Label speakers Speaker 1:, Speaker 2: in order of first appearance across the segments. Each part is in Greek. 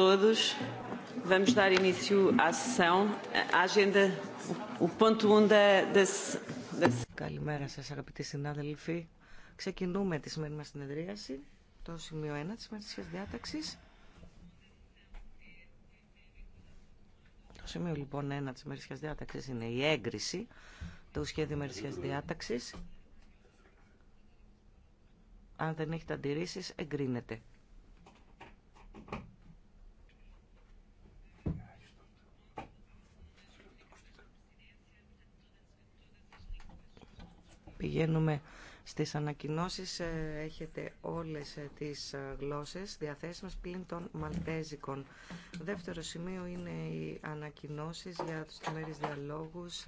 Speaker 1: todos. Vamos dar início à sessão. A agenda,
Speaker 2: o ponto 1 um da, da, Καλημέρα σα, αγαπητοί συνάδελφοι. Ξεκινούμε τη σημερινή μα συνεδρίαση, το σημείο 1 τη σημερινή διάταξη. Το σημείο λοιπόν 1 τη σημερινή διάταξη είναι η έγκριση του σχέδιου ημερησίας διάταξη. Αν δεν έχετε αντιρρήσει, εγκρίνεται. Πηγαίνουμε στις ανακοινώσεις. Ε, έχετε όλες ε, τις ε, γλώσσες διαθέσιμες πλην των μαλτέζικων. Δεύτερο σημείο είναι οι ανακοινώσεις για τους μέρες διαλόγους.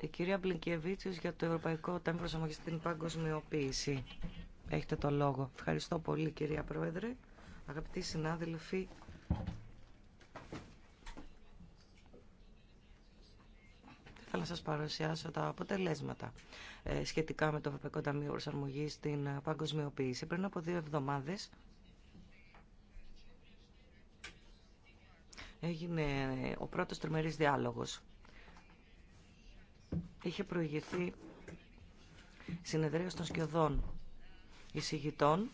Speaker 2: Η κυρία Μπλικεβίτσιος για το Ευρωπαϊκό Ταμείο Προσαρμογής στην Παγκοσμιοποίηση. Έχετε το λόγο. Ευχαριστώ πολύ κυρία Πρόεδρε. Αγαπητοί συνάδελφοι, Θα να σας παρουσιάσω τα αποτελέσματα ε, σχετικά με το Ευρωπαϊκό Ταμείο Προσαρμογή στην ε, παγκοσμιοποίηση. Πριν από δύο εβδομάδες έγινε ε, ο πρώτος τριμερής διάλογος. Είχε προηγηθεί συνεδρία των σκιωδών εισηγητών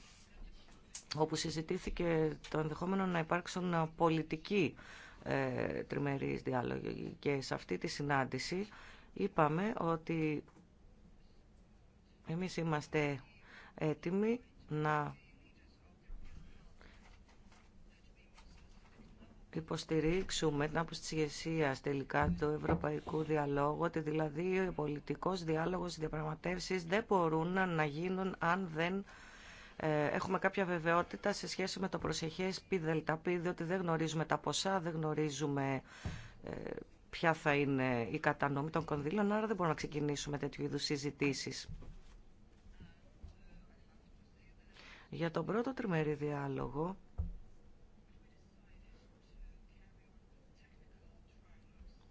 Speaker 2: όπου συζητήθηκε το ενδεχόμενο να υπάρξουν πολιτικοί ε, τριμερείς διάλογοι. Και σε αυτή τη συνάντηση είπαμε ότι εμείς είμαστε έτοιμοι να υποστηρίξουμε την άποψη της ηγεσία τελικά του ευρωπαϊκού διαλόγου, ότι δηλαδή ο πολιτικός διάλογος, οι διαπραγματεύσεις δεν μπορούν να γίνουν αν δεν ε, έχουμε κάποια βεβαιότητα σε σχέση με το προσεχές πι πι διότι δεν γνωρίζουμε τα ποσά, δεν γνωρίζουμε ε, ποια θα είναι η κατανομή των κονδύλων, άρα δεν μπορούμε να ξεκινήσουμε τέτοιου είδους συζητήσει. Για τον πρώτο τριμερή διάλογο,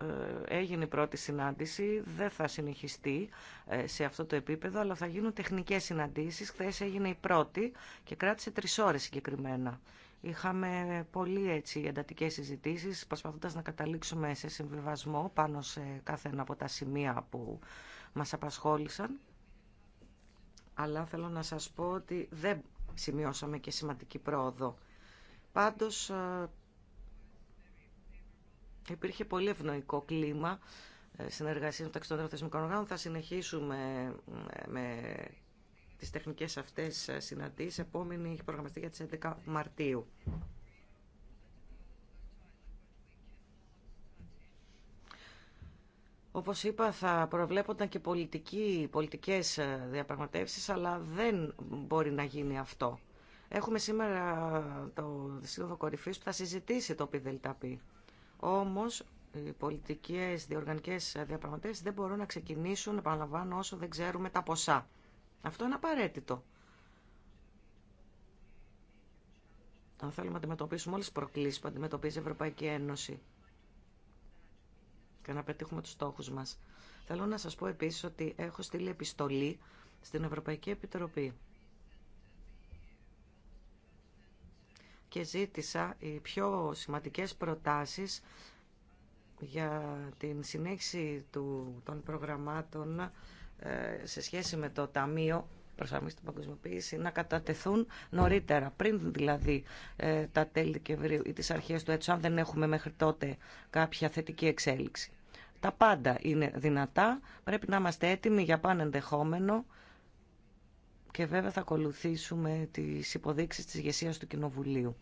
Speaker 2: Ε, έγινε η πρώτη συνάντηση, δεν θα συνεχιστεί ε, σε αυτό το επίπεδο, αλλά θα γίνουν τεχνικές συναντήσεις. Χθε έγινε η πρώτη και κράτησε τρεις ώρες συγκεκριμένα. Είχαμε πολύ έτσι εντατικές συζητήσεις, προσπαθώντας να καταλήξουμε σε συμβιβασμό πάνω σε κάθε ένα από τα σημεία που μας απασχόλησαν. Αλλά θέλω να σας πω ότι δεν σημειώσαμε και σημαντική πρόοδο. Πάντως ε, Υπήρχε πολύ ευνοϊκό κλίμα ε, συνεργασία μεταξύ των θεσμικών οργάνων. Θα συνεχίσουμε ε, με τις τεχνικές αυτές ε, συναντήσεις. Επόμενη έχει προγραμματιστεί για τις 11 Μαρτίου. Όπως είπα, θα προβλέπονταν και πολιτικοί, πολιτικές διαπραγματεύσεις, αλλά δεν μπορεί να γίνει αυτό. Έχουμε σήμερα το Σύνοδο Κορυφής που θα συζητήσει το ΠΔΠ. Όμως οι πολιτικές διοργανικές διαπραγματεύσεις δεν μπορούν να ξεκινήσουν, επαναλαμβάνω, όσο δεν ξέρουμε τα ποσά. Αυτό είναι απαραίτητο. Αν θέλουμε να αντιμετωπίσουμε όλες τις προκλήσεις που αντιμετωπίζει η Ευρωπαϊκή Ένωση και να πετύχουμε τους στόχους μας. Θέλω να σας πω επίσης ότι έχω στείλει επιστολή στην Ευρωπαϊκή Επιτροπή και ζήτησα οι πιο σημαντικές προτάσεις για την συνέχιση του, των προγραμμάτων ε, σε σχέση με το Ταμείο Προσαρμογής στην Παγκοσμιοποίηση να κατατεθούν νωρίτερα, πριν δηλαδή ε, τα τέλη Δεκεμβρίου ή τις αρχές του έτους, αν δεν έχουμε μέχρι τότε κάποια θετική εξέλιξη. Τα πάντα είναι δυνατά, πρέπει να είμαστε έτοιμοι για πάνε ενδεχόμενο και βέβαια θα ακολουθήσουμε τις υποδείξεις της ηγεσία του Κοινοβουλίου.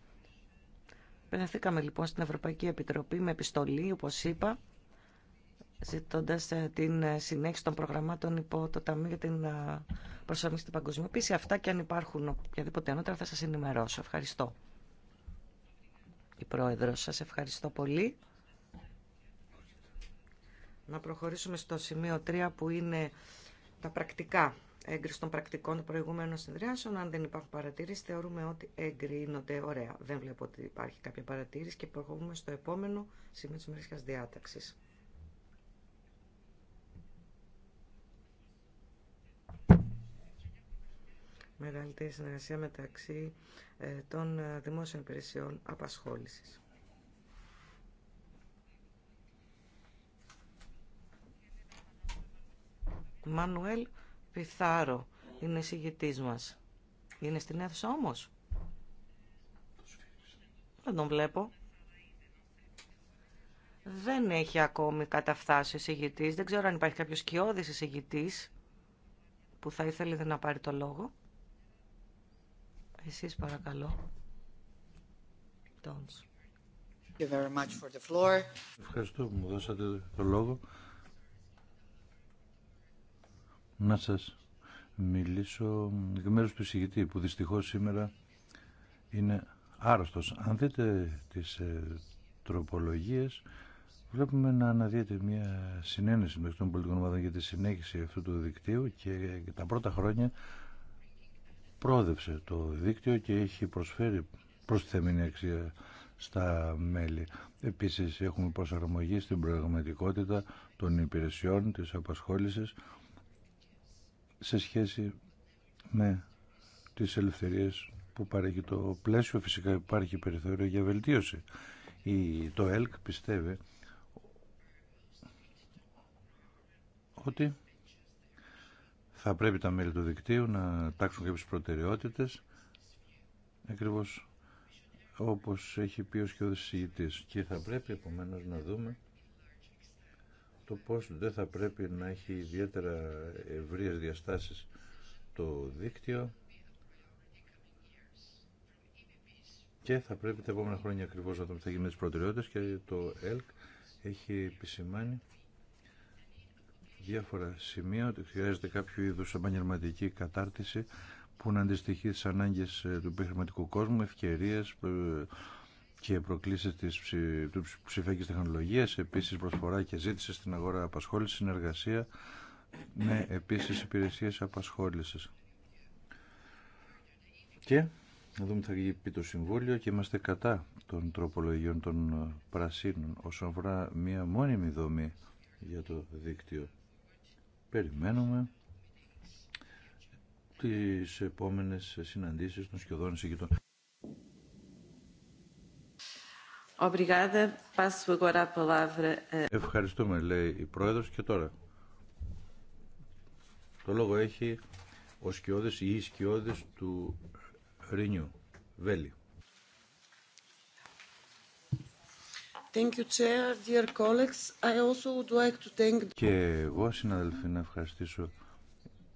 Speaker 2: Πενεθήκαμε λοιπόν στην Ευρωπαϊκή Επιτροπή με επιστολή, όπως είπα, ζητώντας ε, την ε, συνέχιση των προγραμμάτων υπό το Ταμείο για την ε, προσαρμογή στην παγκοσμιοποίηση. Αυτά και αν υπάρχουν οποιαδήποτε ανώτερα θα σας ενημερώσω. Ευχαριστώ. Η Πρόεδρος, σας ευχαριστώ πολύ. Να προχωρήσουμε στο σημείο 3 που είναι τα πρακτικά έγκριση των πρακτικών προηγούμενων συνδυάσεων. Αν δεν υπάρχουν παρατηρήσει, θεωρούμε ότι εγκρίνονται. Ωραία. Δεν βλέπω ότι υπάρχει κάποια παρατήρηση και προχωρούμε στο επόμενο σημείο τη ημερήσια
Speaker 3: διάταξη.
Speaker 2: Μεγαλύτερη συνεργασία μεταξύ ε, των ε, δημόσιων υπηρεσιών απασχόλησης. Μανουέλ Πιθάρο είναι εισηγητή μας. Είναι στην αίθουσα όμως. Δεν τον βλέπω. Δεν έχει ακόμη καταφθάσει ο Δεν ξέρω αν υπάρχει κάποιος σκιώδη εισηγητή που θα ήθελε να πάρει το λόγο. Εσείς παρακαλώ. Thank
Speaker 4: Ευχαριστώ που μου δώσατε το λόγο να σας μιλήσω εκ μέρους του εισηγητή που δυστυχώς σήμερα είναι άρρωστος. Αν δείτε τις ε, τροπολογίες βλέπουμε να αναδύεται μια συνένεση μεταξύ των πολιτικών ομάδων για τη συνέχιση αυτού του δικτύου και τα πρώτα χρόνια πρόδευσε το δίκτυο και έχει προσφέρει προσθεμένη αξία στα μέλη. Επίσης έχουμε προσαρμογή στην προεγματικότητα των υπηρεσιών, της απασχόλησης σε σχέση με τις ελευθερίες που παρέχει το πλαίσιο. Φυσικά υπάρχει περιθώριο για βελτίωση. Η, το ΕΛΚ πιστεύει ότι θα πρέπει τα μέλη του δικτύου να τάξουν κάποιες προτεραιότητες ακριβώς όπως έχει πει ο σχεδόν και θα πρέπει επομένως να δούμε το πώς δεν θα πρέπει να έχει ιδιαίτερα ευρύες διαστάσεις το δίκτυο και θα πρέπει τα επόμενα χρόνια ακριβώ να δούμε τι θα γίνει τι προτεραιότητε και το ΕΛΚ έχει επισημάνει διάφορα σημεία ότι χρειάζεται κάποιο είδου επαγγελματική κατάρτιση που να αντιστοιχεί στι ανάγκε του επιχειρηματικού κόσμου, ευκαιρίε, ε, και προκλήσει της ψηφιακή τεχνολογία, επίση επίσης προσφορά και ζήτηση στην αγορά απασχόλησης, συνεργασία με επίσης υπηρεσίες απασχόλησης. Και να δούμε τι θα πει το Συμβούλιο και είμαστε κατά των τροπολογιών των πρασίνων όσον αφορά μία μόνιμη δομή για το δίκτυο. Περιμένουμε τις επόμενες συναντήσεις των σχεδόν εισηγητών. Ευχαριστούμε, λέει η Πρόεδρος. Και τώρα, το λόγο έχει ο σκιώδης ή η σκιώδης του Ρινιού, Βέλη. Και εγώ, συναδελφοί, να ευχαριστήσω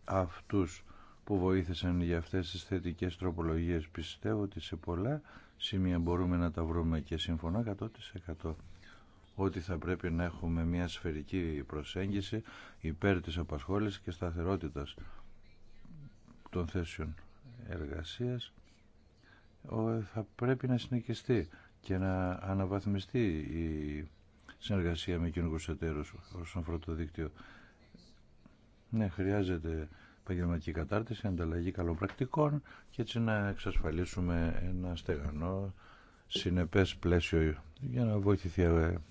Speaker 4: αυτούς που βοήθησαν για αυτές τις θετικές τροπολογίες. Πιστεύω ότι σε πολλά σημεία μπορούμε να τα βρούμε και συμφωνώ 100% ότι θα πρέπει να έχουμε μια σφαιρική προσέγγιση υπέρ της απασχόλησης και σταθερότητας των θέσεων εργασίας θα πρέπει να συνεχιστεί και να αναβαθμιστεί η συνεργασία με κοινούς εταίρους όσον αφορά το δίκτυο. Ναι, χρειάζεται επαγγελματική κατάρτιση, ανταλλαγή καλών πρακτικών και έτσι να εξασφαλίσουμε ένα στεγανό συνεπές πλαίσιο για να βοηθηθεί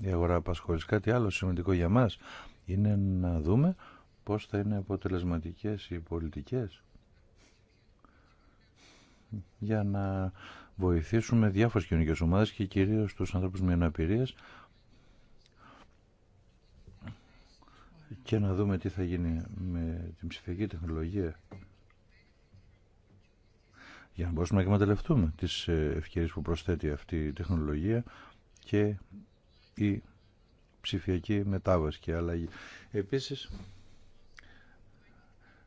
Speaker 4: η αγορά απασχόληση. Κάτι άλλο σημαντικό για μας είναι να δούμε πώς θα είναι αποτελεσματικέ οι πολιτικές για να βοηθήσουμε διάφορες κοινωνικές ομάδες και κυρίως τους ανθρώπους με αναπηρίε και να δούμε τι θα γίνει με την ψηφιακή τεχνολογία για να μπορούμε να εκμεταλλευτούμε τις ε, ευκαιρίες που προσθέτει αυτή η τεχνολογία και η ψηφιακή μετάβαση και αλλαγή. Επίσης,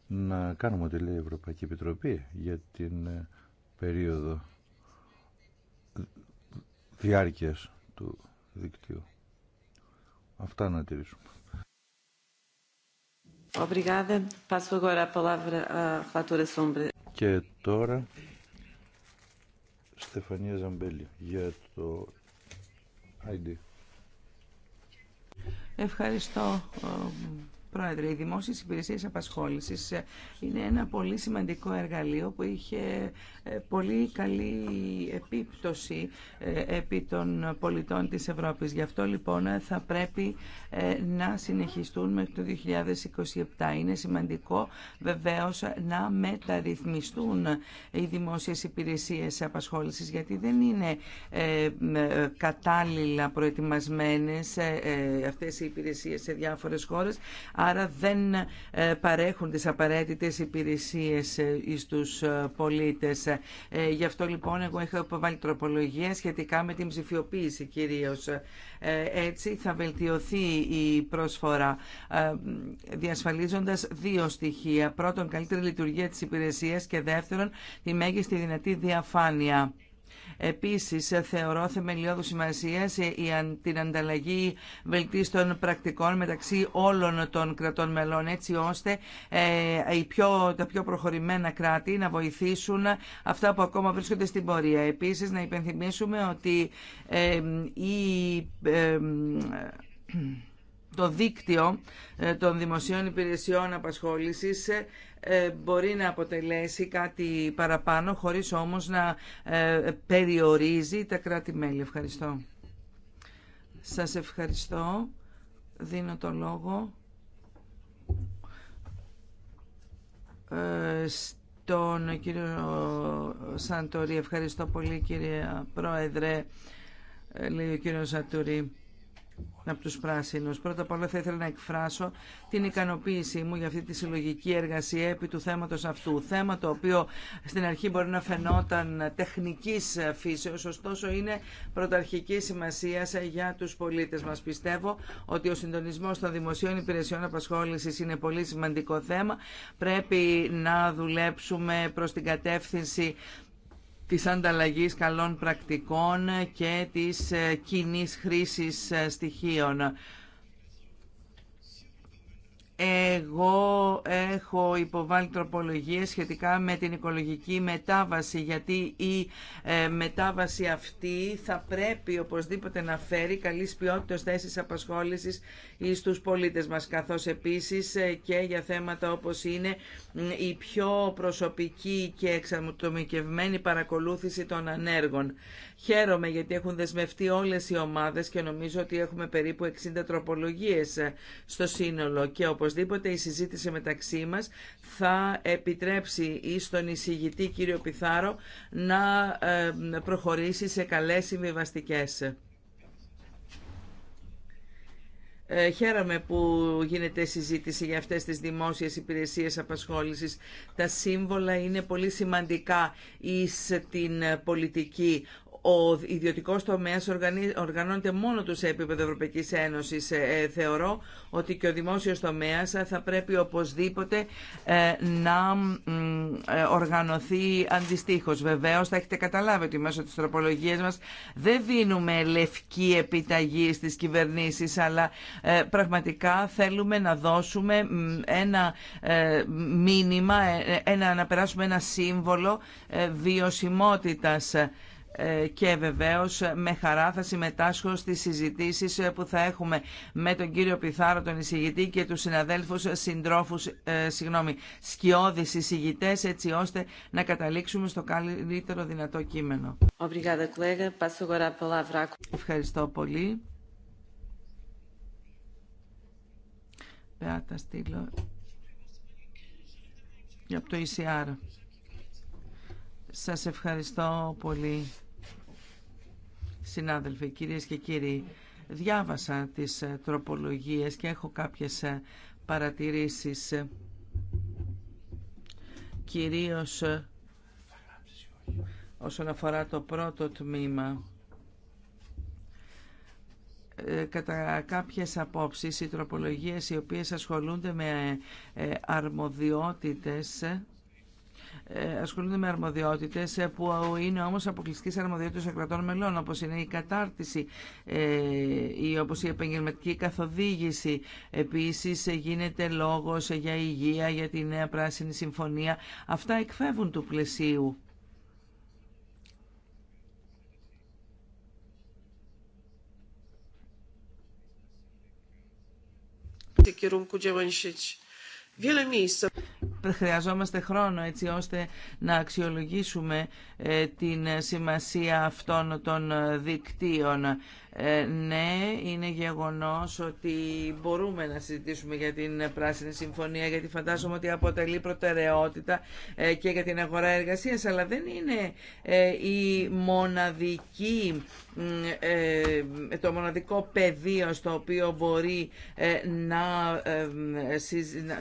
Speaker 4: να κάνουμε ό,τι λέει η Ευρωπαϊκή Επιτροπή για την ε, περίοδο διάρκειας του δικτύου. Αυτά να τηρήσουμε. Και τώρα, Στεφανία Ζαμπέλη, για το ID.
Speaker 3: Ευχαριστώ, ε, Πρόεδρε, οι δημόσιες υπηρεσίες απασχόλησης ε, είναι ένα πολύ σημαντικό εργαλείο που είχε ε, πολύ καλή επίπτωση ε, επί των πολιτών της Ευρώπης. Γι' αυτό λοιπόν θα πρέπει να συνεχιστούν μέχρι το 2027. Είναι σημαντικό βεβαίως να μεταρρυθμιστούν οι δημόσιες υπηρεσίες απασχόλησης γιατί δεν είναι κατάλληλα προετοιμασμένες αυτές οι υπηρεσίες σε διάφορες χώρες άρα δεν ε, παρέχουν τις απαραίτητες υπηρεσίες στους ε, ε, πολίτες. Γι' αυτό λοιπόν εγώ έχω υποβάλει τροπολογία σχετικά με την ψηφιοποίηση κυρίως. Έτσι θα βελτιωθεί η πρόσφορα διασφαλίζοντας δύο στοιχεία. Πρώτον, καλύτερη λειτουργία της υπηρεσίας και δεύτερον, τη μέγιστη δυνατή διαφάνεια. Επίσης, θεωρώ θεμελιώδου σημασία την ανταλλαγή βελτίστων πρακτικών μεταξύ όλων των κρατών μελών, έτσι ώστε ε, οι πιο, τα πιο προχωρημένα κράτη να βοηθήσουν αυτά που ακόμα βρίσκονται στην πορεία. Επίσης, να υπενθυμίσουμε ότι η το δίκτυο ε, των δημοσίων υπηρεσιών απασχόλησης ε, ε, μπορεί να αποτελέσει κάτι παραπάνω, χωρίς όμως να περιορίζει τα κράτη-μέλη. Ευχαριστώ. Σας ευχαριστώ. Δίνω το λόγο στον κύριο Σαντορή. Ευχαριστώ πολύ κύριε Πρόεδρε, λέει ο κύριος Σαντορή από τους πράσινους. Πρώτα απ' όλα θα ήθελα να εκφράσω την ικανοποίησή μου για αυτή τη συλλογική εργασία επί του θέματος αυτού. Θέμα το οποίο στην αρχή μπορεί να φαινόταν τεχνικής φύσεως, ωστόσο είναι πρωταρχική σημασία για τους πολίτες μας. Πιστεύω ότι ο συντονισμός των δημοσίων υπηρεσιών απασχόλησης είναι πολύ σημαντικό θέμα. Πρέπει να δουλέψουμε προς την κατεύθυνση της ανταλλαγής καλών πρακτικών και της ε, κοινής χρήσης ε, στοιχείων. Εγώ έχω υποβάλει τροπολογίες σχετικά με την οικολογική μετάβαση γιατί η ε, μετάβαση αυτή θα πρέπει οπωσδήποτε να φέρει καλής ποιότητας θέσεις απασχόλησης στους πολίτες μας καθώς επίσης ε, και για θέματα όπως είναι η πιο προσωπική και εξατομικευμένη παρακολούθηση των ανέργων. Χαίρομαι γιατί έχουν δεσμευτεί όλες οι ομάδες και νομίζω ότι έχουμε περίπου 60 τροπολογίες ε, στο σύνολο και οπωσδήποτε η συζήτηση μεταξύ μας θα επιτρέψει στον εισηγητή κύριο Πιθάρο να ε, προχωρήσει σε καλές συμβιβαστικέ. Ε, χαίρομαι που γίνεται συζήτηση για αυτές τις δημόσιες υπηρεσίες απασχόλησης. Τα σύμβολα είναι πολύ σημαντικά εις την πολιτική ο ιδιωτικό τομέα οργανώνεται μόνο του σε επίπεδο Ευρωπαϊκής Ένωσης. Ε, ε, θεωρώ ότι και ο δημόσιος τομέα ε, θα πρέπει οπωσδήποτε να οργανωθεί αντιστοίχω. Βεβαίω, θα έχετε καταλάβει ότι μέσω της τροπολογία μας δεν δίνουμε λευκή επιταγή στις κυβερνήσεις αλλά πραγματικά θέλουμε να δώσουμε ένα μήνυμα, ένα, να περάσουμε ένα σύμβολο βιωσιμότητας ε, και βεβαίως με χαρά θα συμμετάσχω στις συζητήσεις που θα έχουμε με τον κύριο Πιθάρο, τον εισηγητή και τους συναδέλφους συντρόφους, ε, συγγνώμη, σκιώδεις εισηγητέ έτσι ώστε να καταλήξουμε στο καλύτερο δυνατό κείμενο. Ευχαριστώ πολύ. το ECR. Σας ευχαριστώ πολύ. Συνάδελφοι, κυρίες και κύριοι, διάβασα τις ε, τροπολογίες και έχω κάποιες ε, παρατηρήσεις. Κυρίως ε, όσον αφορά το πρώτο τμήμα κατά κάποιες απόψεις οι τροπολογίες οι οποίες ασχολούνται με αρμοδιότητες ασχολούνται με αρμοδιότητε ε, που είναι όμω αποκλειστικέ αρμοδιότητε των κρατών μελών όπω είναι η κατάρτιση ή ε, όπως η επαγγελματική καθοδήγηση. Επίσης γίνεται λόγος για υγεία, για τη νέα πράσινη συμφωνία. Αυτά εκφεύγουν του πλαισίου. kierunku działań χρειαζόμαστε χρόνο έτσι ώστε να αξιολογήσουμε ε, την σημασία αυτών των δικτύων. Ε, ναι, είναι γεγονός ότι μπορούμε να συζητήσουμε για την Πράσινη Συμφωνία γιατί φαντάζομαι ότι αποτελεί προτεραιότητα ε, και για την αγορά εργασίας αλλά δεν είναι ε, η μοναδική, το μοναδικό πεδίο στο οποίο μπορεί να,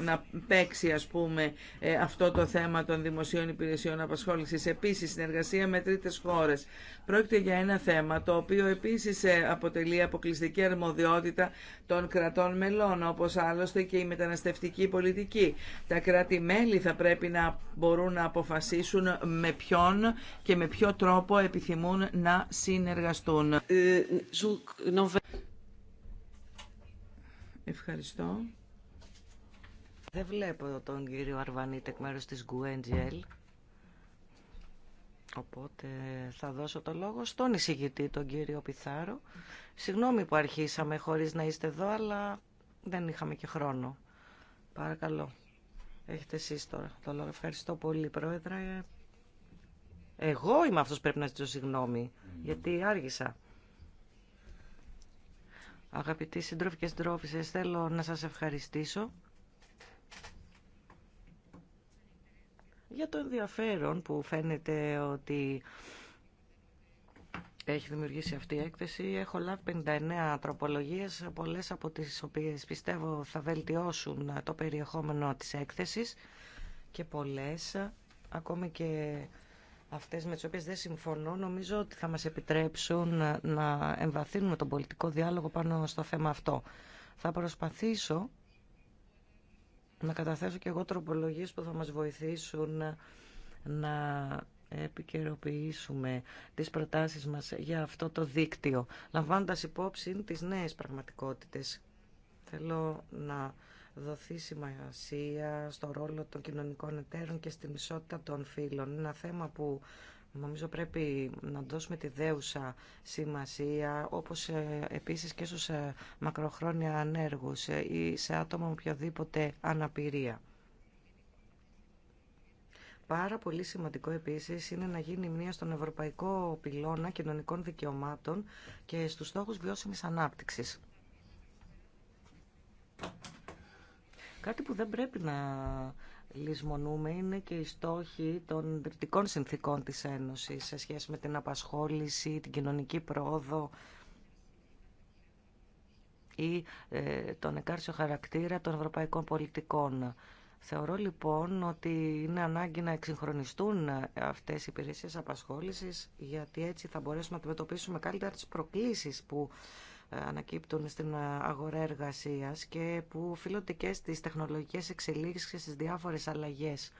Speaker 3: να παίξει ας πούμε αυτό το θέμα των δημοσίων υπηρεσιών απασχόλησης. Επίσης, συνεργασία με τρίτες χώρες. Πρόκειται για ένα θέμα το οποίο επίσης αποτελεί αποκλειστική αρμοδιότητα των κρατών μελών, όπως άλλωστε και η μεταναστευτική πολιτική. Τα κράτη-μέλη θα πρέπει να μπορούν να αποφασίσουν με ποιον και με ποιο τρόπο επιθυμούν να συνεργαστούν. Ευχαριστώ.
Speaker 2: Δεν βλέπω τον κύριο Αρβανίτεκ μέρος της Γκουέντζιελ. Οπότε θα δώσω το λόγο στον εισηγητή, τον κύριο Πιθάρο. Συγγνώμη που αρχίσαμε χωρίς να είστε εδώ, αλλά δεν είχαμε και χρόνο. Παρακαλώ. Έχετε εσείς τώρα το λόγο. Ευχαριστώ πολύ, Πρόεδρε. Εγώ είμαι αυτός που πρέπει να ζητήσω συγγνώμη, γιατί άργησα. Αγαπητοί συντρόφοι και θέλω να σας ευχαριστήσω για το ενδιαφέρον που φαίνεται ότι έχει δημιουργήσει αυτή η έκθεση. Έχω λάβει 59 τροπολογίες, πολλές από τις οποίες πιστεύω θα βελτιώσουν το περιεχόμενο της έκθεσης και πολλές, ακόμη και αυτές με τις οποίες δεν συμφωνώ, νομίζω ότι θα μας επιτρέψουν να εμβαθύνουμε τον πολιτικό διάλογο πάνω στο θέμα αυτό. Θα προσπαθήσω να καταθέσω και εγώ τροπολογίες που θα μας βοηθήσουν να επικαιροποιήσουμε τις προτάσεις μας για αυτό το δίκτυο, λαμβάνοντας υπόψη τις νέες πραγματικότητες. Θέλω να δοθεί σημασία στο ρόλο των κοινωνικών εταίρων και στην ισότητα των φύλων. Είναι ένα θέμα που Νομίζω πρέπει να δώσουμε τη δέουσα σημασία, όπως ε, επίσης και στους ε, μακροχρόνια ανέργους ε, ή σε άτομα με οποιαδήποτε αναπηρία. Πάρα πολύ σημαντικό επίσης είναι να γίνει μία στον Ευρωπαϊκό Πυλώνα Κοινωνικών Δικαιωμάτων και στους στόχους βιώσιμης ανάπτυξης. Κάτι που δεν πρέπει να λησμονούμε είναι και οι στόχοι των δυτικών συνθήκων της Ένωσης σε σχέση με την απασχόληση, την κοινωνική πρόοδο ή ε, τον εκάρσιο χαρακτήρα των ευρωπαϊκών πολιτικών. Θεωρώ λοιπόν ότι είναι ανάγκη να εξυγχρονιστούν αυτές οι υπηρεσίες απασχόλησης γιατί έτσι θα μπορέσουμε να αντιμετωπίσουμε καλύτερα τις προκλήσεις που ανακύπτουν στην αγορά εργασίας και που οφείλονται και στις τεχνολογικές εξελίξεις και στις διάφορες αλλαγές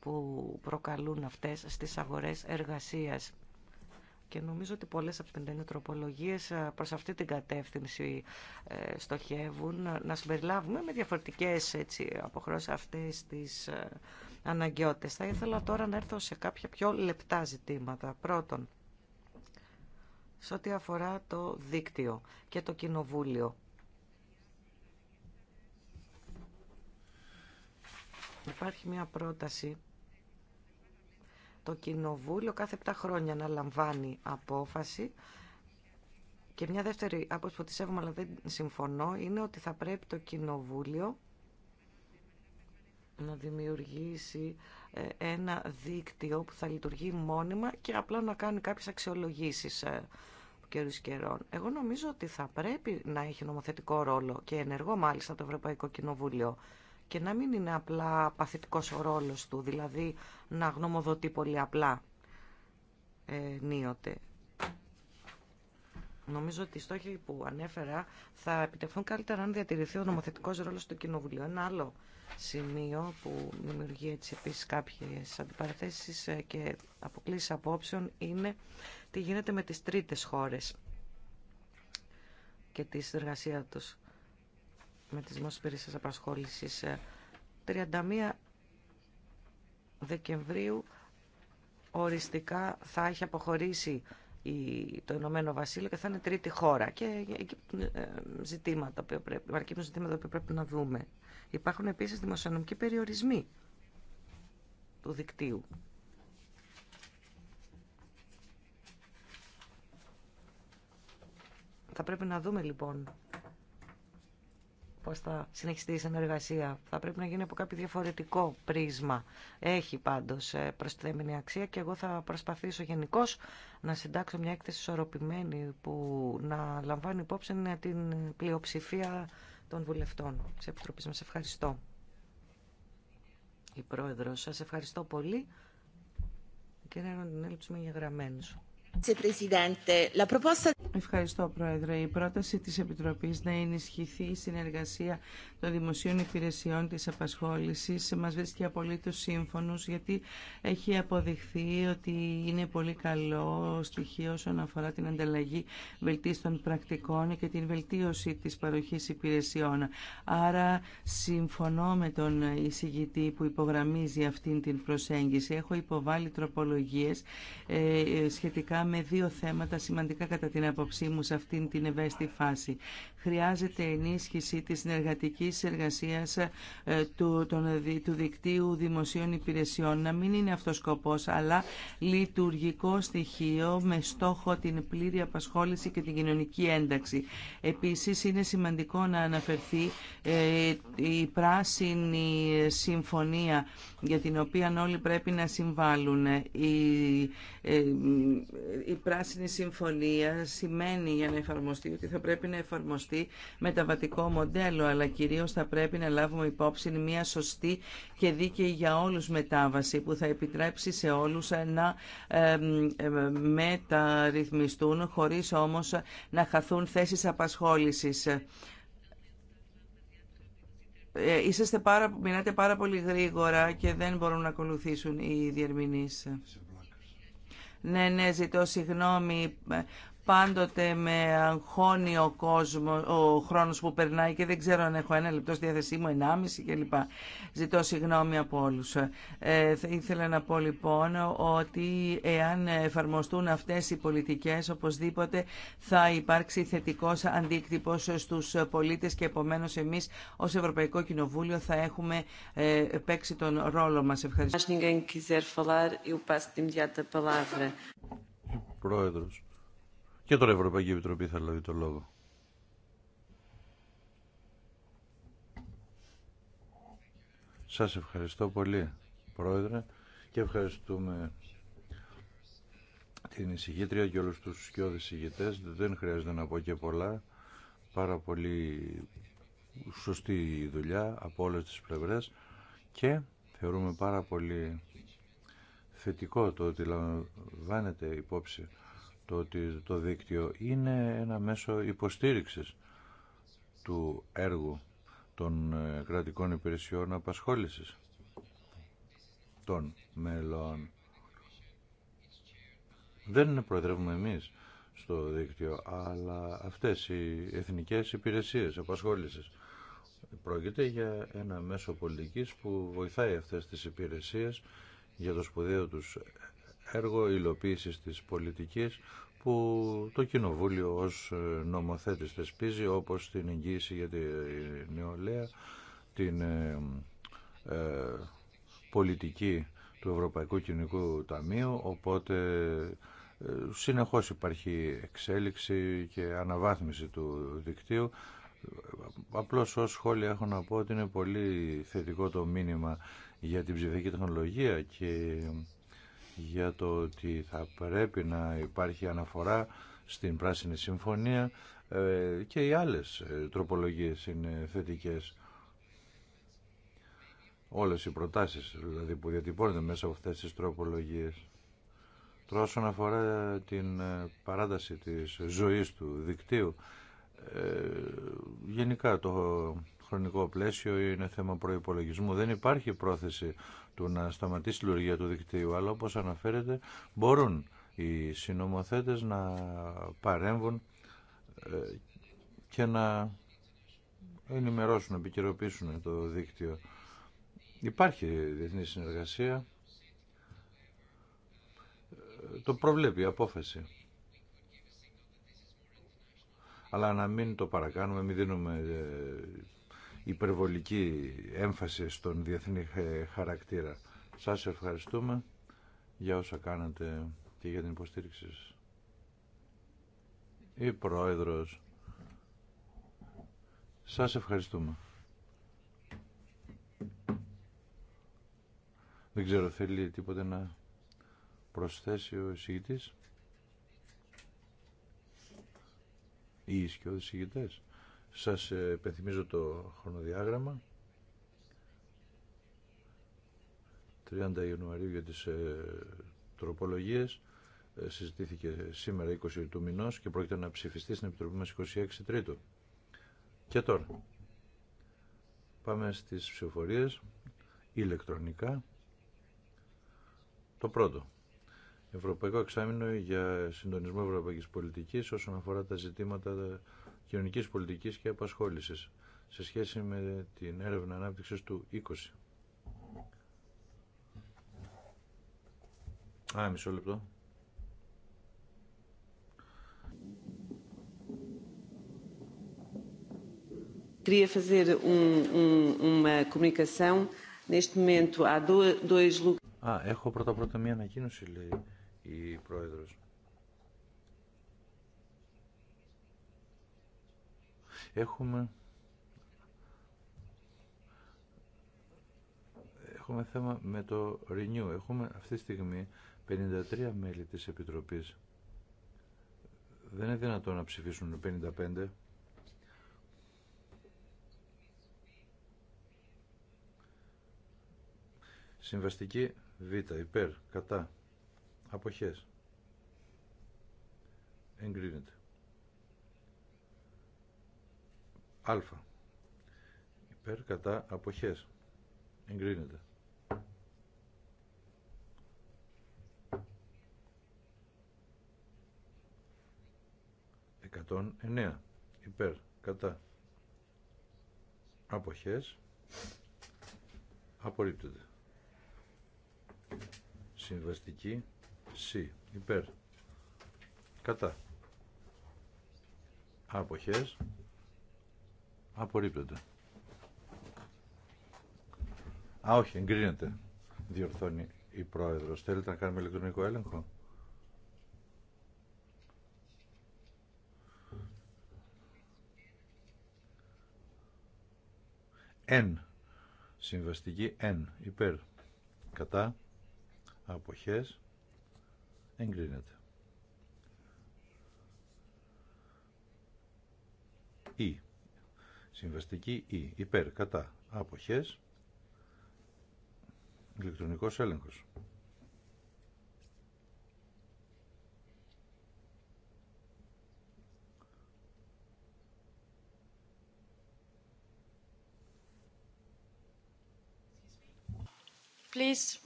Speaker 2: που προκαλούν αυτές στις αγορές εργασίας. Και νομίζω ότι πολλές από τις τροπολογίες ε, προς αυτή την κατεύθυνση ε, στοχεύουν να συμπεριλάβουμε με διαφορετικές έτσι, αποχρώσεις αυτές τις ε, αναγκαιότητες. Θα ήθελα τώρα να έρθω σε κάποια πιο λεπτά ζητήματα. Πρώτον, σε ό,τι αφορά το δίκτυο και το κοινοβούλιο. Υπάρχει μια πρόταση το κοινοβούλιο κάθε 7 χρόνια να λαμβάνει απόφαση και μια δεύτερη άποψη που τη σέβομαι αλλά δεν συμφωνώ είναι ότι θα πρέπει το κοινοβούλιο να δημιουργήσει ε, ένα δίκτυο που θα λειτουργεί μόνιμα και απλά να κάνει κάποιες αξιολογήσεις ε, καιρούς καιρών. Εγώ νομίζω ότι θα πρέπει να έχει νομοθετικό ρόλο και ενεργό μάλιστα το Ευρωπαϊκό Κοινοβούλιο και να μην είναι απλά παθητικός ο ρόλος του, δηλαδή να γνωμοδοτεί πολύ απλά ε, νίωτε. Νομίζω ότι οι στόχοι που ανέφερα θα επιτευχθούν καλύτερα αν διατηρηθεί ο νομοθετικός ρόλος του Κοινοβουλίου. Ένα άλλο σημείο που δημιουργεί έτσι επίσης κάποιες αντιπαραθέσεις ε, και αποκλήσεις απόψεων είναι τι γίνεται με τις τρίτες χώρες και τη συνεργασία τους με τις δημόσιες υπηρεσίες απασχόλησης. 31 ε, Δεκεμβρίου οριστικά θα έχει αποχωρήσει το Ηνωμένο Βασίλειο και θα είναι τρίτη χώρα. Και ε, εκεί ε, ζητήματα που πρέπει, ζητήματα που πρέπει να δούμε. Υπάρχουν επίσης δημοσιονομικοί περιορισμοί του δικτύου. Θα πρέπει να δούμε λοιπόν πώς θα συνεχιστεί η συνεργασία. Θα πρέπει να γίνει από κάποιο διαφορετικό πρίσμα. Έχει πάντως ε, προστιθέμενη αξία και εγώ θα προσπαθήσω γενικώ να συντάξω μια έκθεση ισορροπημένη που να λαμβάνει υπόψη την πλειοψηφία των βουλευτών τη επιτροπή Μα Ευχαριστώ. Η Πρόεδρος, σας ευχαριστώ πολύ. Κύριε Ροντινέλη, τους είμαι
Speaker 3: Ευχαριστώ, Πρόεδρε. Η πρόταση της Επιτροπής να ενισχυθεί η συνεργασία των δημοσίων υπηρεσιών της απασχόλησης μας βρίσκει απολύτως σύμφωνος γιατί έχει αποδειχθεί ότι είναι πολύ καλό στοιχείο όσον αφορά την ανταλλαγή βελτίστων πρακτικών και την βελτίωση της παροχής υπηρεσιών. Άρα συμφωνώ με τον εισηγητή που υπογραμμίζει αυτή την προσέγγιση. Έχω υποβάλει τροπολογίες ε, ε, σχετικά με δύο θέματα σημαντικά κατά την άποψή μου σε αυτήν την ευαίσθητη φάση χρειάζεται ενίσχυση της συνεργατικής εργασίας ε, του, του δικτύου δημοσίων υπηρεσιών. Να μην είναι αυτός σκοπός, αλλά λειτουργικό στοιχείο με στόχο την πλήρη απασχόληση και την κοινωνική ένταξη. Επίσης, είναι σημαντικό να αναφερθεί ε, η πράσινη συμφωνία για την οποία όλοι πρέπει να συμβάλλουν. Η, ε, η πράσινη συμφωνία σημαίνει για να εφαρμοστεί ότι θα πρέπει να εφαρμοστεί μεταβατικό μοντέλο, αλλά κυρίως θα πρέπει να λάβουμε υπόψη μια σωστή και δίκαιη για όλους μετάβαση που θα επιτρέψει σε όλους να μεταρρυθμιστούν χωρίς όμως να χαθούν θέσεις απασχόλησης. Ε, είσαστε πάρα, μιλάτε πάρα πολύ γρήγορα και δεν μπορούν να ακολουθήσουν οι διερμηνείς. Ναι, ναι, ζητώ συγγνώμη πάντοτε με αγχώνει ο κόσμο, ο χρόνος που περνάει και δεν ξέρω αν έχω ένα λεπτό στη διάθεσή μου, ενάμιση κλπ. Ζητώ συγγνώμη από όλους. Ε, ήθελα να πω λοιπόν ότι εάν εφαρμοστούν αυτές οι πολιτικές, οπωσδήποτε θα υπάρξει θετικός αντίκτυπος στους πολίτες και επομένως εμείς ως Ευρωπαϊκό Κοινοβούλιο θα έχουμε ε, παίξει τον ρόλο μας. Ευχαριστώ.
Speaker 4: Πρόεδρος. Και τώρα η Ευρωπαϊκή Επιτροπή θα λάβει το λόγο. Σας ευχαριστώ πολύ, Πρόεδρε, και ευχαριστούμε την εισηγήτρια και όλους τους σκιώδης εισηγητές. Δεν χρειάζεται να πω και πολλά. Πάρα πολύ σωστή δουλειά από όλες τις πλευρές και θεωρούμε πάρα πολύ θετικό το ότι λαμβάνεται υπόψη το ότι το δίκτυο είναι ένα μέσο υποστήριξης του έργου των ε, κρατικών υπηρεσιών απασχόλησης των μελών. Δεν προεδρεύουμε εμείς στο δίκτυο, αλλά αυτές οι εθνικές υπηρεσίες απασχόλησης πρόκειται για ένα μέσο πολιτικής που βοηθάει αυτές τις υπηρεσίες για το σπουδαίο τους έργο υλοποίησης της πολιτικής που το Κοινοβούλιο ως ε, νομοθέτης θεσπίζει όπως την εγγύηση για τη ε, νεολαία, την ε, πολιτική του Ευρωπαϊκού Κοινωνικού Ταμείου, οπότε συνεχώς υπάρχει εξέλιξη και αναβάθμιση του δικτύου. Απλώς ως σχόλια έχω να πω ότι είναι πολύ θετικό το μήνυμα για την ψηφιακή τεχνολογία και για το ότι θα πρέπει να υπάρχει αναφορά στην Πράσινη Συμφωνία ε, και οι άλλες ε, τροπολογίες είναι θετικές. Όλες οι προτάσεις δηλαδή που διατυπώνονται μέσα από αυτές τις τροπολογίες. Τώρα όσον αφορά την ε, παράταση της ζωής του δικτύου, γενικά το χρονικό πλαίσιο είναι θέμα προϋπολογισμού. Δεν υπάρχει πρόθεση του να σταματήσει η λειτουργία του δικτύου, αλλά όπως αναφέρεται μπορούν οι συνομοθέτες να παρέμβουν ε, και να ενημερώσουν, να επικαιροποιήσουν το δίκτυο. Υπάρχει διεθνή συνεργασία, ε, το προβλέπει η απόφαση. Αλλά να μην το παρακάνουμε, μην δίνουμε ε, υπερβολική έμφαση στον διεθνή χαρακτήρα. Σας ευχαριστούμε για όσα κάνατε και για την υποστήριξη σας. Η Πρόεδρος. Σας ευχαριστούμε. Δεν ξέρω, θέλει τίποτε να προσθέσει ο εισηγητής ή οι σας επενθυμίζω το χρονοδιάγραμμα. 30 Ιανουαρίου για τις ε, τροπολογίες. Ε, συζητήθηκε σήμερα 20 του μηνός και πρόκειται να ψηφιστεί στην Επιτροπή μας 26 Τρίτου. Και τώρα πάμε στις ψηφοφορίες ηλεκτρονικά. Το πρώτο. Ευρωπαϊκό Εξάμεινο για Συντονισμό Ευρωπαϊκής Πολιτικής όσον αφορά τα ζητήματα κοινωνικής πολιτικής και απασχόλησης σε σχέση με την έρευνα ανάπτυξης του 20. Α, μισό λεπτό. Queria έχω πρώτα πρώτα μια ανακοίνωση, λέει η πρόεδρος. Έχουμε... Έχουμε θέμα με το Renew. Έχουμε αυτή τη στιγμή 53 μέλη της Επιτροπής. Δεν είναι δυνατόν να ψηφίσουν 55. Συμβαστική Β, υπέρ, κατά, αποχές. Εγκρίνεται. α. Υπέρ κατά αποχές. Εγκρίνεται. Εκατόν εννέα. Υπέρ κατά αποχές. Απορρίπτεται. Συμβαστική C. Υπέρ. Κατά. Αποχές. Απορρίπτεται. Α, όχι, εγκρίνεται. Διορθώνει η πρόεδρο. Θέλετε να κάνουμε ηλεκτρονικό έλεγχο. Εν. Συμβαστική εν. Υπέρ. Κατά. Αποχές. Εγκρίνεται. Ή. Συμβαστική ή e. υπέρ κατά αποχές ηλεκτρονικός έλεγχος. Please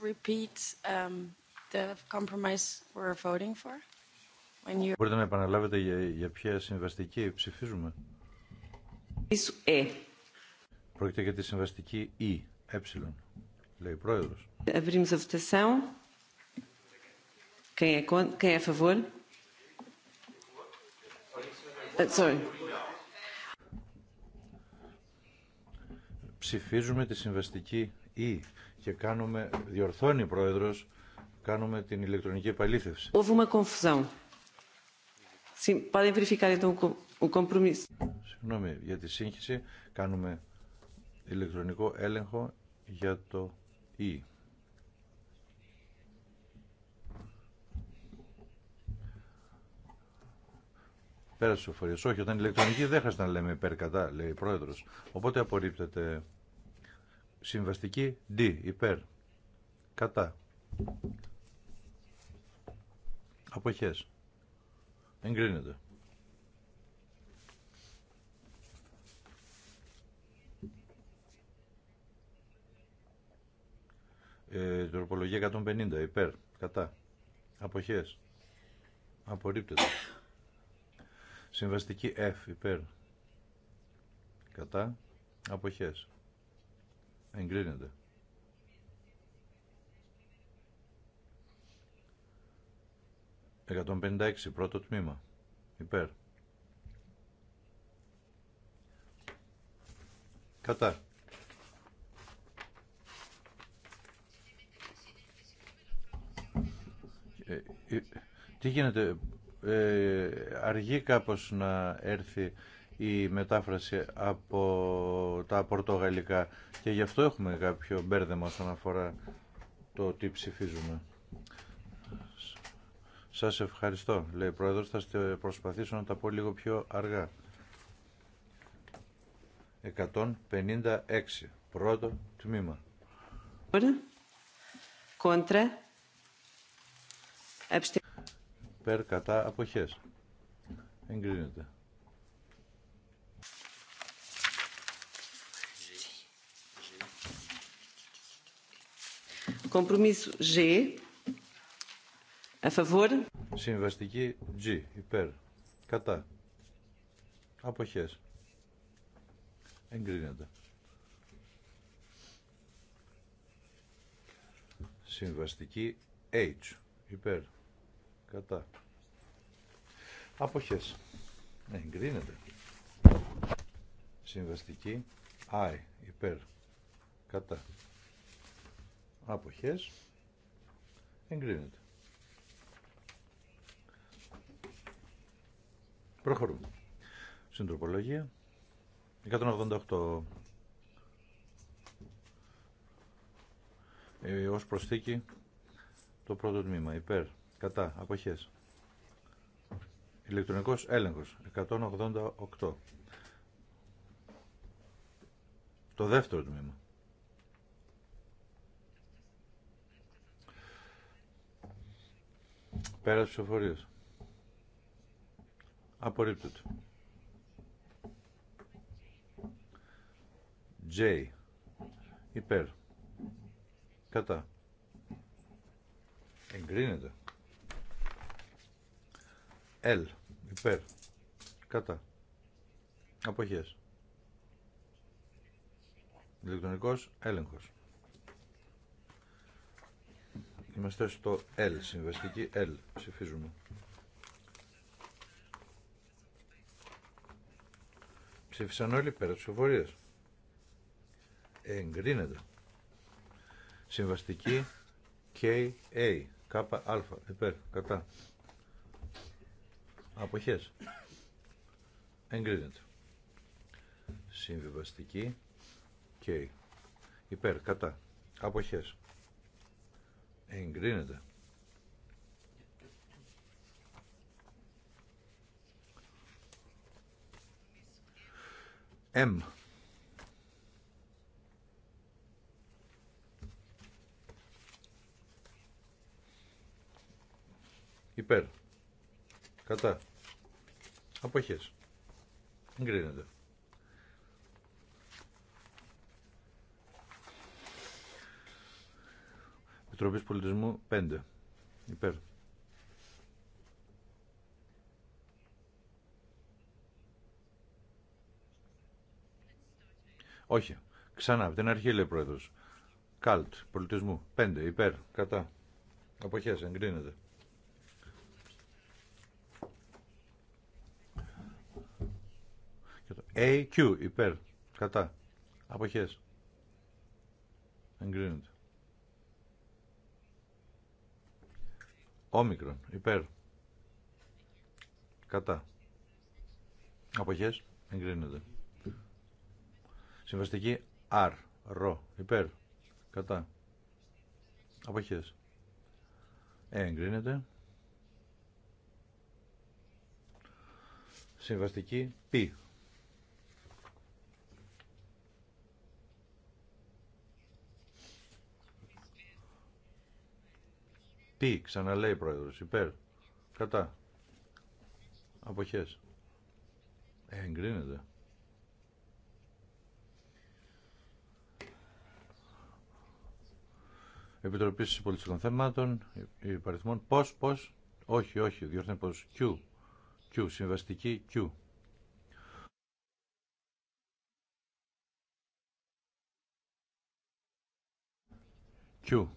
Speaker 1: repeat um, the compromise we're voting for.
Speaker 3: When you...
Speaker 4: Μπορείτε να επαναλάβετε για, για ποια συμβαστική ψηφίζουμε. Πρόκειται για τη συμβαστική Ι, e, ε, λέει ο πρόεδρος.
Speaker 1: Abrimos a votação. Quem é, contra, quem
Speaker 4: Ψηφίζουμε τη συμβαστική Ι e και κάνουμε, διορθώνει πρόεδρος, κάνουμε την ηλεκτρονική επαλήθευση. Houve uma Συγγνώμη για τη σύγχυση. Κάνουμε ηλεκτρονικό έλεγχο για το E. Πέρασε ο φορείο. Όχι, όταν ηλεκτρονική δεν χάσταν να λέμε υπέρ κατά, λέει η πρόεδρο. Οπότε απορρίπτεται. Συμβαστική D, υπέρ. Κατά. Αποχές. Εγκρίνεται. Ε, τροπολογία 150, υπέρ, κατά, αποχές, απορρίπτεται. Συμβαστική F, υπέρ, κατά, αποχές, εγκρίνεται. 156 πρώτο τμήμα. Υπέρ. Κατά. Ε, ε, τι γίνεται, ε, αργεί κάπως να έρθει η μετάφραση από τα πορτογαλικά και γι' αυτό έχουμε κάποιο μπέρδεμα όσον αφορά το τι ψηφίζουμε. Σας ευχαριστώ, λέει ο Πρόεδρος. Θα προσπαθήσω να τα πω λίγο πιο αργά. 156. Πρώτο τμήμα.
Speaker 1: Κόντρα.
Speaker 4: Περ κατά αποχές. Εγκρίνεται.
Speaker 1: Compromisso G
Speaker 4: Συμβαστική G, υπέρ. Κατά. Αποχές. Εγκρίνεται. Συμβαστική H, υπέρ. Κατά. Αποχές. Εγκρίνεται. Συμβαστική I, υπέρ. Κατά. Αποχές. Εγκρίνεται. Προχωρούμε. συντροπολογία τροπολογία 188 ε, ως προσθήκη το πρώτο τμήμα. Υπέρ, κατά, αποχές. Ηλεκτρονικός έλεγχος 188. Το δεύτερο τμήμα. Πέρα 188. Απορρίπτεται. J. Υπέρ. Κατά. Εγκρίνεται. L. Υπέρ. Κατά. Αποχές. Ηλεκτρονικός έλεγχος. Είμαστε στο L, συμβαστική L. Ψηφίζουμε. Ψήφισαν όλοι πέρα τη ψηφοφορία. Εγκρίνεται. Συμβαστική KA. Κάπα αλφα, Υπέρ. Κατά. Αποχέ. Εγκρίνεται. Συμβιβαστική K. Υπέρ. Κατά. Αποχέ. Εγκρίνεται. M. Υπέρ. Κατά. Αποχές. Εγκρίνεται. Επιτροπής Πολιτισμού 5. Υπέρ. Όχι. Ξανά από την αρχή λέει ο πρόεδρο. Καλτ, πολιτισμού. πέντε, υπέρ, κατά. Αποχέ, εγκρίνεται. AQ υπέρ, κατά. Αποχέ. Εγκρίνεται. Όμικρον υπέρ. Κατά. Αποχέ. Εγκρίνεται. Συμβαστική R, ρο, υπέρ, κατά. Αποχές. Ε, εγκρίνεται. Συμβαστική P. Π, ξαναλέει πρόεδρος, υπέρ, κατά. Αποχές. Ε, εγκρίνεται. Επιτροπής Πολιτικών Θεμάτων Υπαριθμών. πώ, πώ, όχι, όχι, διόρθωνε πώ Q, Q, συμβαστική Q. Q.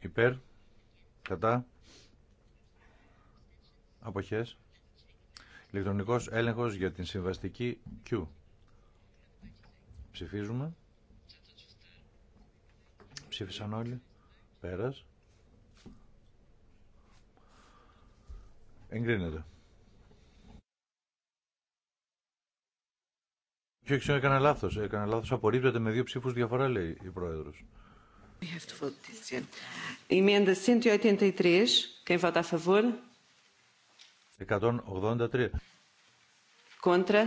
Speaker 4: Υπέρ, κατά, αποχές, ηλεκτρονικός έλεγχος για την συμβαστική Q. Ψηφίζουμε. Ψήφισαν όλοι. Πέρας. Εγκρίνεται. Και όχι, έκανα λάθος. Έκανα λάθος. Απορρίπτεται με δύο ψήφους διαφορά, λέει η πρόεδρο.
Speaker 1: Εμμέντα 183. Quem vota a
Speaker 4: 183.
Speaker 1: Contra?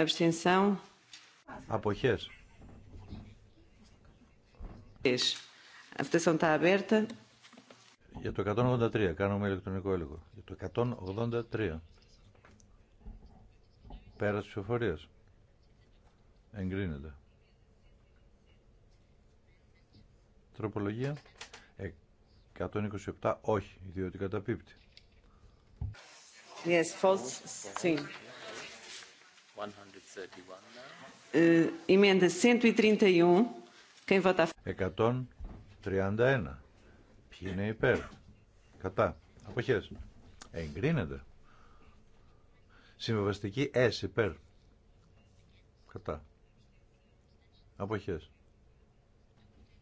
Speaker 1: Abstenção. Αποχές. A votação está aberta.
Speaker 4: Για το 183, κάνουμε ηλεκτρονικό έλεγχο. Για το 183. Πέρα τη ψηφοφορίας. Εγκρίνεται. Τροπολογία. 127, όχι, διότι καταπίπτει.
Speaker 3: Yes,
Speaker 1: false, sim. Emenda 131. Quem vota
Speaker 4: 131. Ποιοι είναι υπέρ. Κατά. Αποχές. Εγκρίνεται. Συμβεβαστική S υπέρ. Κατά. Αποχές.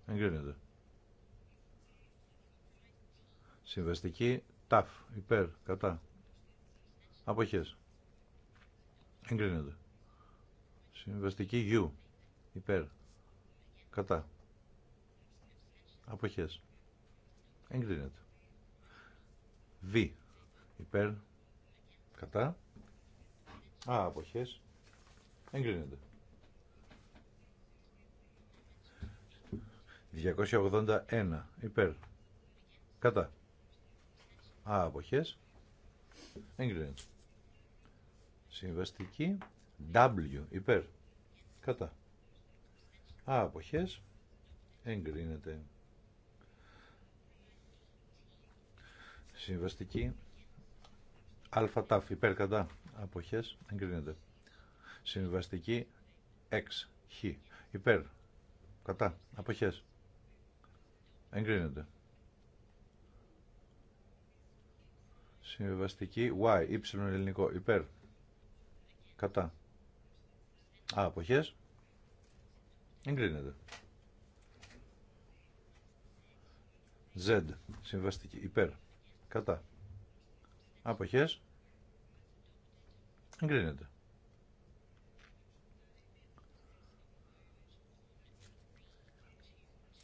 Speaker 4: Εγκρίνεται. Συμβαστική TAF υπέρ. Κατά. Αποχές. Εγκρίνεται. Συμβαστική U. Υπέρ. Κατά. Αποχές. Εγκρίνεται. Β. Υπέρ. Κατά. Α, αποχές. Εγκρίνεται. 281. Υπέρ. Κατά. Α, αποχές. Εγκρίνεται. Συμβαστική W υπέρ. Κατά. Α, αποχές. Εγκρίνεται. Συμβαστική Α τάφ υπέρ κατά. Αποχές. Εγκρίνεται. Συμβαστική X Χ υπέρ. Κατά. Αποχές. Εγκρίνεται. Συμβαστική Y, Y ελληνικό, υπέρ, Κατά. Α, αποχές. Εγκρίνεται. Z. Συμβαστική. Υπέρ. Κατά. Αποχές. Εγκρίνεται.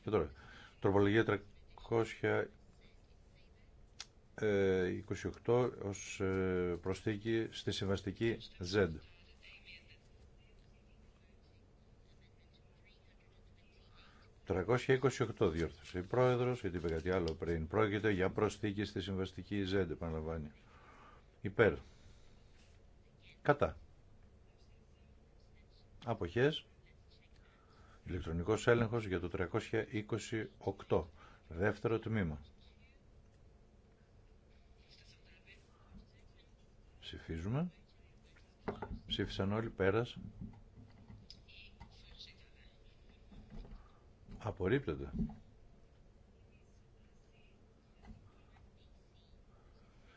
Speaker 4: Και τώρα. Τροπολογία 28 ε, ως ε, προσθήκη στη συμβαστική Z. «328 διόρθωσε η πρόεδρος, γιατί είπε κάτι άλλο πριν. Πρόκειται για προσθήκη στη συμβαστική Z, επαναλαμβάνει. Υπέρ. Κατά. Αποχές. Ηλεκτρονικός έλεγχος για το 328. Δεύτερο τμήμα. Ψηφίζουμε. Ψήφισαν όλοι πέρας. Απορρίπτεται.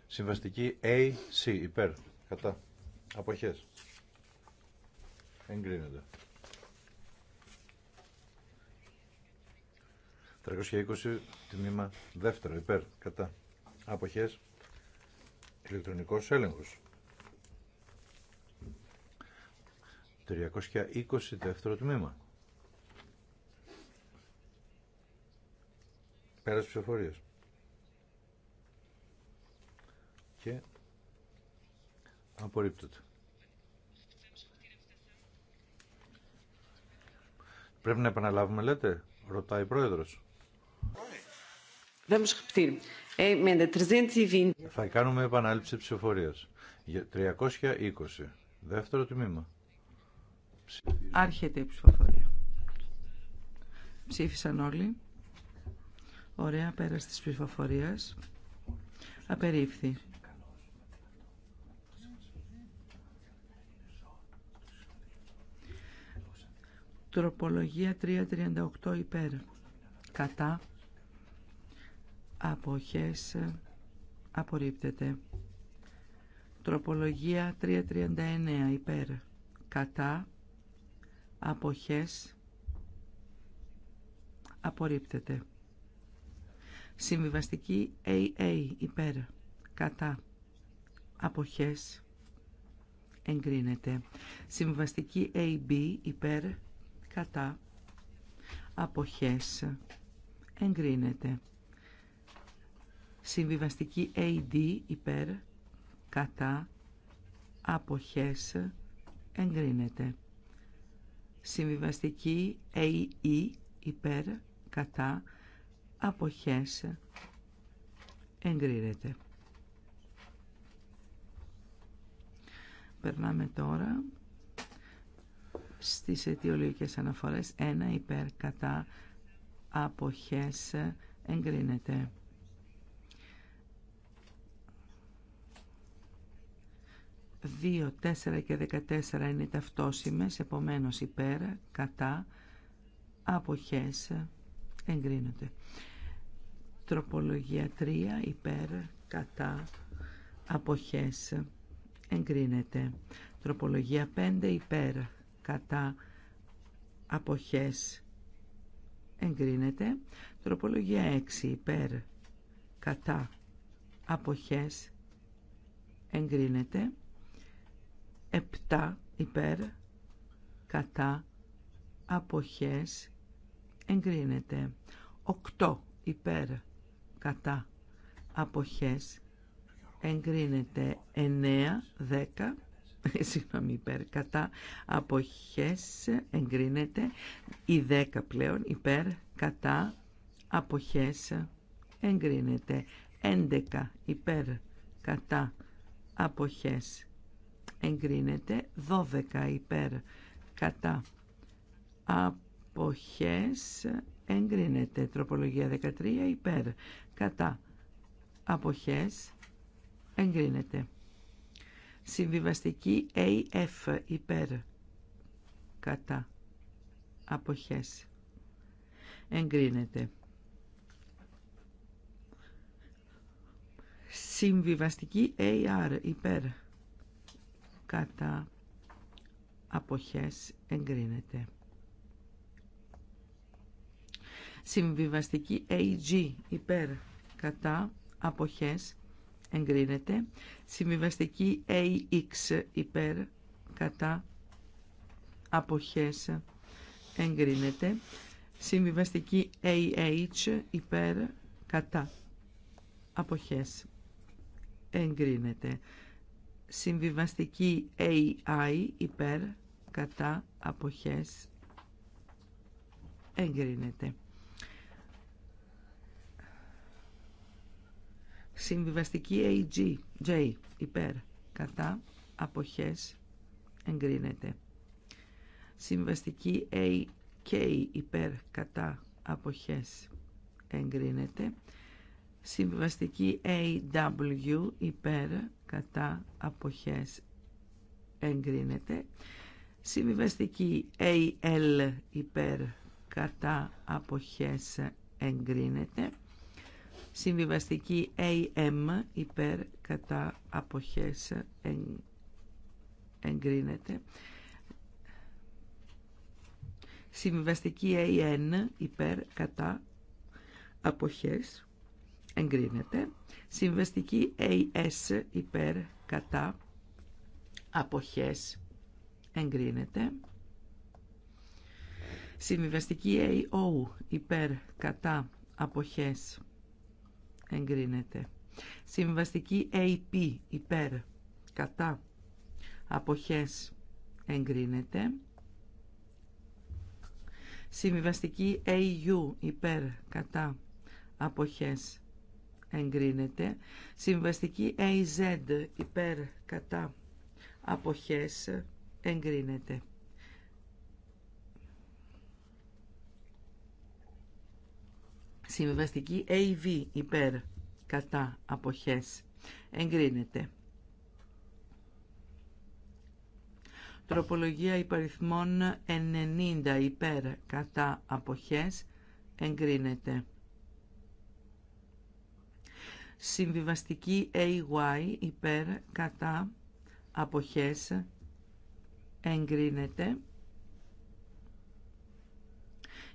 Speaker 4: Συμβαστική AC υπέρ. Κατά. Αποχές. Εγκρίνεται. 320 τμήμα δεύτερο υπέρ. Κατά. Αποχές. Ηλεκτρονικός έλεγχος. 320 δεύτερο τμήμα. Πέρας ψηφοφορίας. Και απορρίπτωται. Πρέπει να επαναλάβουμε, λέτε, ρωτάει η πρόεδρος. Ε, Θα κάνουμε επανάληψη ψηφοφορίας. 320. Δεύτερο τμήμα.
Speaker 3: Άρχεται η ψηφοφορία. Ψήφισαν όλοι. Ωραία, πέρας της ψηφοφορίας. Απερίφθη. Τροπολογία 338 υπέρ. Κατά. Αποχές. Απορρίπτεται. Τροπολογία 339 υπέρ. Κατά αποχές απορρίπτεται. Συμβιβαστική AA υπέρ κατά αποχές εγκρίνεται. Συμβιβαστική AB υπέρ κατά αποχές εγκρίνεται. Συμβιβαστική AD υπέρ κατά αποχές εγκρίνεται. Συμβιβαστική AE υπέρ κατά αποχές εγκρίνεται. Περνάμε τώρα στις αιτιολογικές αναφορές Ένα υπέρ κατά αποχές εγκρίνεται. 2, 4 και 14 είναι ταυτόσιμες, επομένως υπέρ, κατά, αποχές, εγκρίνονται. Τροπολογία 3, υπέρ, κατά, αποχές, εγκρίνεται. Τροπολογία 5, υπέρ, κατά, αποχές, εγκρίνεται. Τροπολογία 6, υπέρ, κατά, αποχές, εγκρίνεται. 7 υπέρ κατά αποχές εγκρίνεται 8 υπέρ κατά αποχές εγκρίνεται 9 10 συγγνώμη υπέρ κατά αποχές εγκρίνεται η 10 πλέον υπέρ κατά αποχές εγκρίνεται 11 υπέρ κατά αποχές εγκρίνεται 12 υπέρ κατά αποχές εγκρίνεται τροπολογία 13 υπέρ κατά αποχές εγκρίνεται συμβιβαστική AF υπέρ κατά αποχές εγκρίνεται συμβιβαστική AR υπέρ κατά αποχές εγκρίνεται. Συμβιβαστική AG υπέρ κατά αποχές εγκρίνεται. Συμβιβαστική AX υπέρ κατά αποχές εγκρίνεται. Συμβιβαστική AH υπέρ κατά αποχές εγκρίνεται. Συμβιβαστική AI υπέρ κατά αποχές εγκρίνεται. Συμβιβαστική AG, J, υπέρ, κατά, αποχές, εγκρίνεται. Συμβαστική AK, υπέρ, κατά, αποχές, εγκρίνεται. Συμβιβαστική AW υπέρ κατά αποχές εγκρίνεται. Συμβιβαστική AL υπέρ κατά αποχές εγκρίνεται. Συμβιβαστική AM υπέρ κατά αποχές εγκρίνεται. Συμβιβαστική AN υπέρ κατά αποχές εγκρίνεται. Συμβαστική AS υπέρ κατά αποχές εγκρίνεται. Συμβιβαστική AO υπέρ κατά αποχές εγκρίνεται. Συμβαστική AP υπέρ κατά αποχές εγκρίνεται. Συμβιβαστική AU υπέρ κατά αποχές εγκρίνεται. Συμβαστική AZ υπέρ κατά αποχές εγκρίνεται. Συμβαστική AV υπέρ κατά αποχές εγκρίνεται. Τροπολογία υπαριθμών 90 υπέρ κατά αποχές εγκρίνεται. Συμβιβαστική AY υπέρ κατά αποχές εγκρίνεται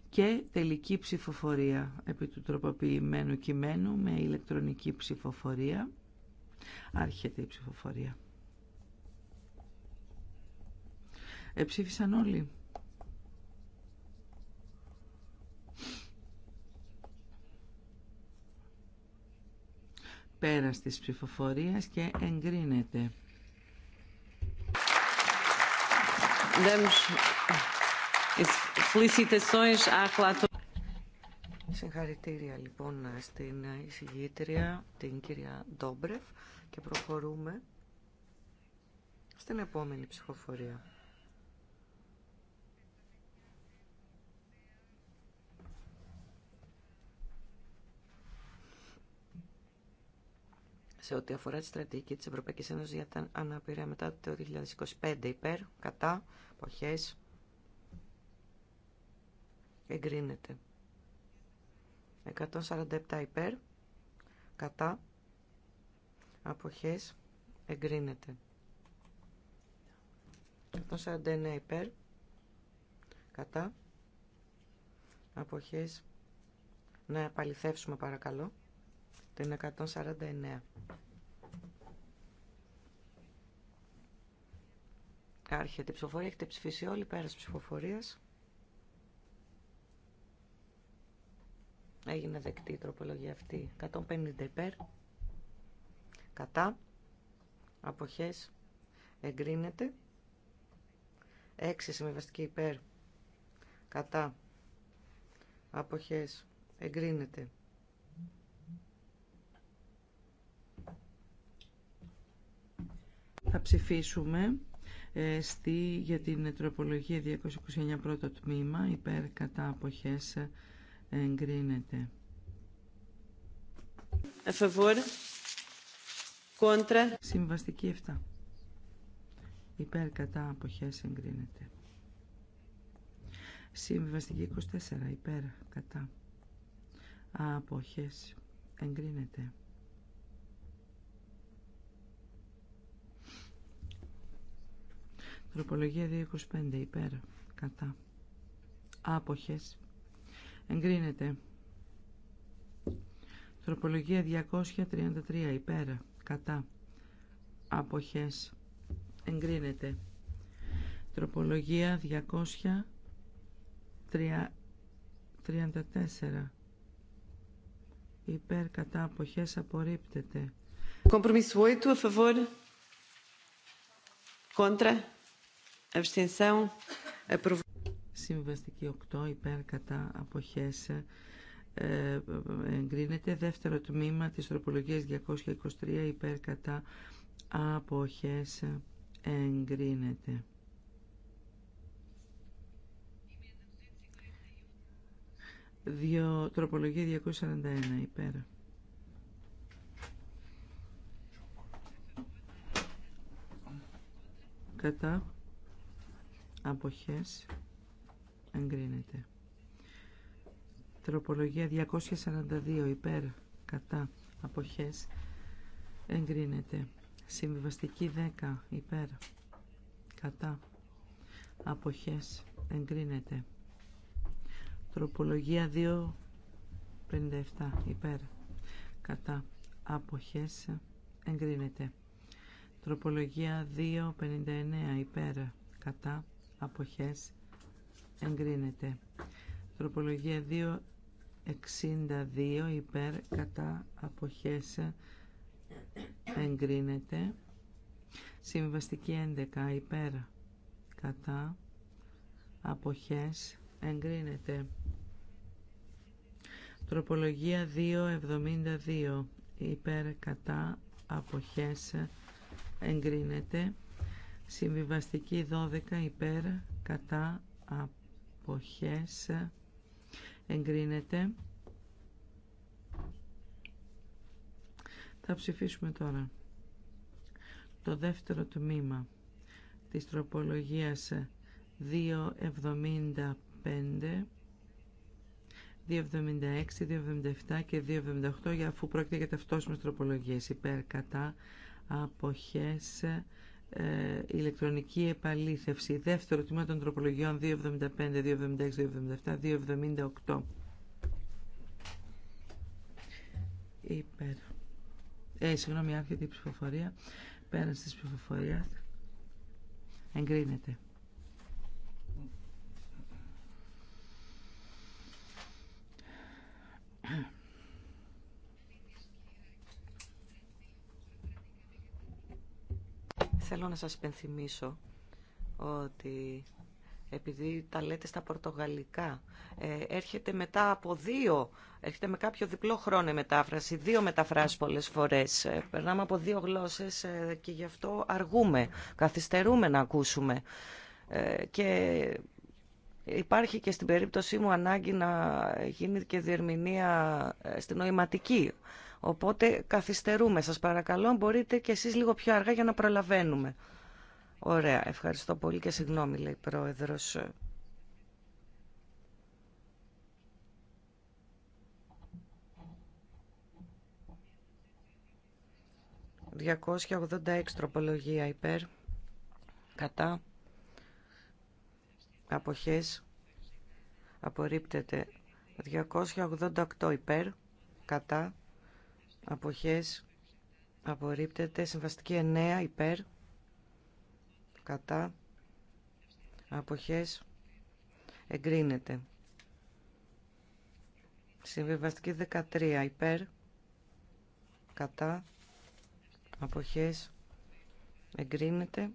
Speaker 3: και τελική ψηφοφορία επί του τροποποιημένου κειμένου με ηλεκτρονική ψηφοφορία. Άρχεται η ψηφοφορία. Εψήφισαν όλοι. πέρας της ψηφοφορίας και εγκρίνεται.
Speaker 2: Συγχαρητήρια λοιπόν στην εισηγήτρια, την κυρία Ντόμπρεφ και προχωρούμε στην επόμενη ψηφοφορία. ό,τι αφορά τη στρατηγική τη Ευρωπαϊκής Ένωση για την αναπηρία μετά το 2025 υπέρ, κατά, εποχέ. εγκρίνεται. 147 υπέρ, κατά, αποχές, εγκρίνεται. 149 υπέρ, κατά, αποχές, να επαληθεύσουμε παρακαλώ την 149. Άρχεται η ψηφοφορία, έχετε ψηφίσει όλοι πέρα ψηφοφορία. Έγινε δεκτή η τροπολογία αυτή. 150 υπέρ. Κατά. αποχέ. Εγκρίνεται. 6 συμμεβαστικοί υπέρ. Κατά. Αποχές. Εγκρίνεται.
Speaker 3: θα ψηφίσουμε ε, στη, για την τροπολογία 229 πρώτο τμήμα υπέρ κατά αποχές εγκρίνεται. A favor. Συμβαστική 7. Υπέρ κατά αποχές εγκρίνεται. Συμβαστική 24. Υπέρ κατά αποχές εγκρίνεται. Τροπολογία 225 υπέρ. Κατά. Άποχες. Εγκρίνεται. Τροπολογία 233 υπέρ. Κατά. Άποχες. Εγκρίνεται. Τροπολογία 234 υπέρ κατά αποχές απορρίπτεται. Compromisso 8 a favor contra Συμβαστική 8 υπέρ κατά αποχές ε, ε, εγκρίνεται. Δεύτερο τμήμα της τροπολογίας 223 υπέρ κατά αποχές εγκρίνεται. Δυο τροπολογία 241 υπέρ. Κατά αποχές εγκρίνεται τροπολογία 242 υπέρ κατά αποχές εγκρίνεται συμβιβαστική 10 υπέρ κατά αποχές εγκρίνεται τροπολογία 257. υπέρ κατά αποχές εγκρίνεται τροπολογία 259 υπέρ κατά αποχές εγκρίνεται. Τροπολογία 2.62 υπέρ κατά αποχές εγκρίνεται. Συμβαστική 11 υπέρ κατά αποχές εγκρίνεται. Τροπολογία 2.72 υπέρ κατά αποχές εγκρίνεται. Συμβιβαστική 12 υπέρ κατά αποχές εγκρίνεται. Θα ψηφίσουμε τώρα το δεύτερο τμήμα της τροπολογίας 275 276, 277 και 278 για αφού πρόκειται για ταυτόσιμες τροπολογίες υπέρ κατά αποχές ε, ηλεκτρονική επαλήθευση. Δεύτερο τμήμα των τροπολογιών 275, 276, 277, 278. Υπέρ. Ε, συγγνώμη, άρχεται η ψηφοφορία. Πέρας της ψηφοφορίας. Εγκρίνεται.
Speaker 2: θέλω να σας υπενθυμίσω ότι επειδή τα λέτε στα πορτογαλικά, ε, έρχεται μετά από δύο, έρχεται με κάποιο διπλό χρόνο μετάφραση, δύο μεταφράσεις πολλές φορές. Ε, περνάμε από δύο γλώσσες ε, και γι' αυτό αργούμε, καθυστερούμε να ακούσουμε. και υπάρχει και στην περίπτωσή μου ανάγκη να γίνει και διερμηνία στην νοηματική Οπότε καθυστερούμε. Σας παρακαλώ, μπορείτε και εσείς λίγο πιο αργά για να προλαβαίνουμε. Ωραία, ευχαριστώ πολύ και συγγνώμη, λέει η Πρόεδρος. ...286 τροπολογία υπέρ, κατά, αποχές, απορρίπτεται, 288 υπέρ, κατά, αποχές απορρίπτεται συμβαστική 9 υπέρ κατά αποχές εγκρίνεται Συμβαστική 13 υπέρ κατά αποχές εγκρίνεται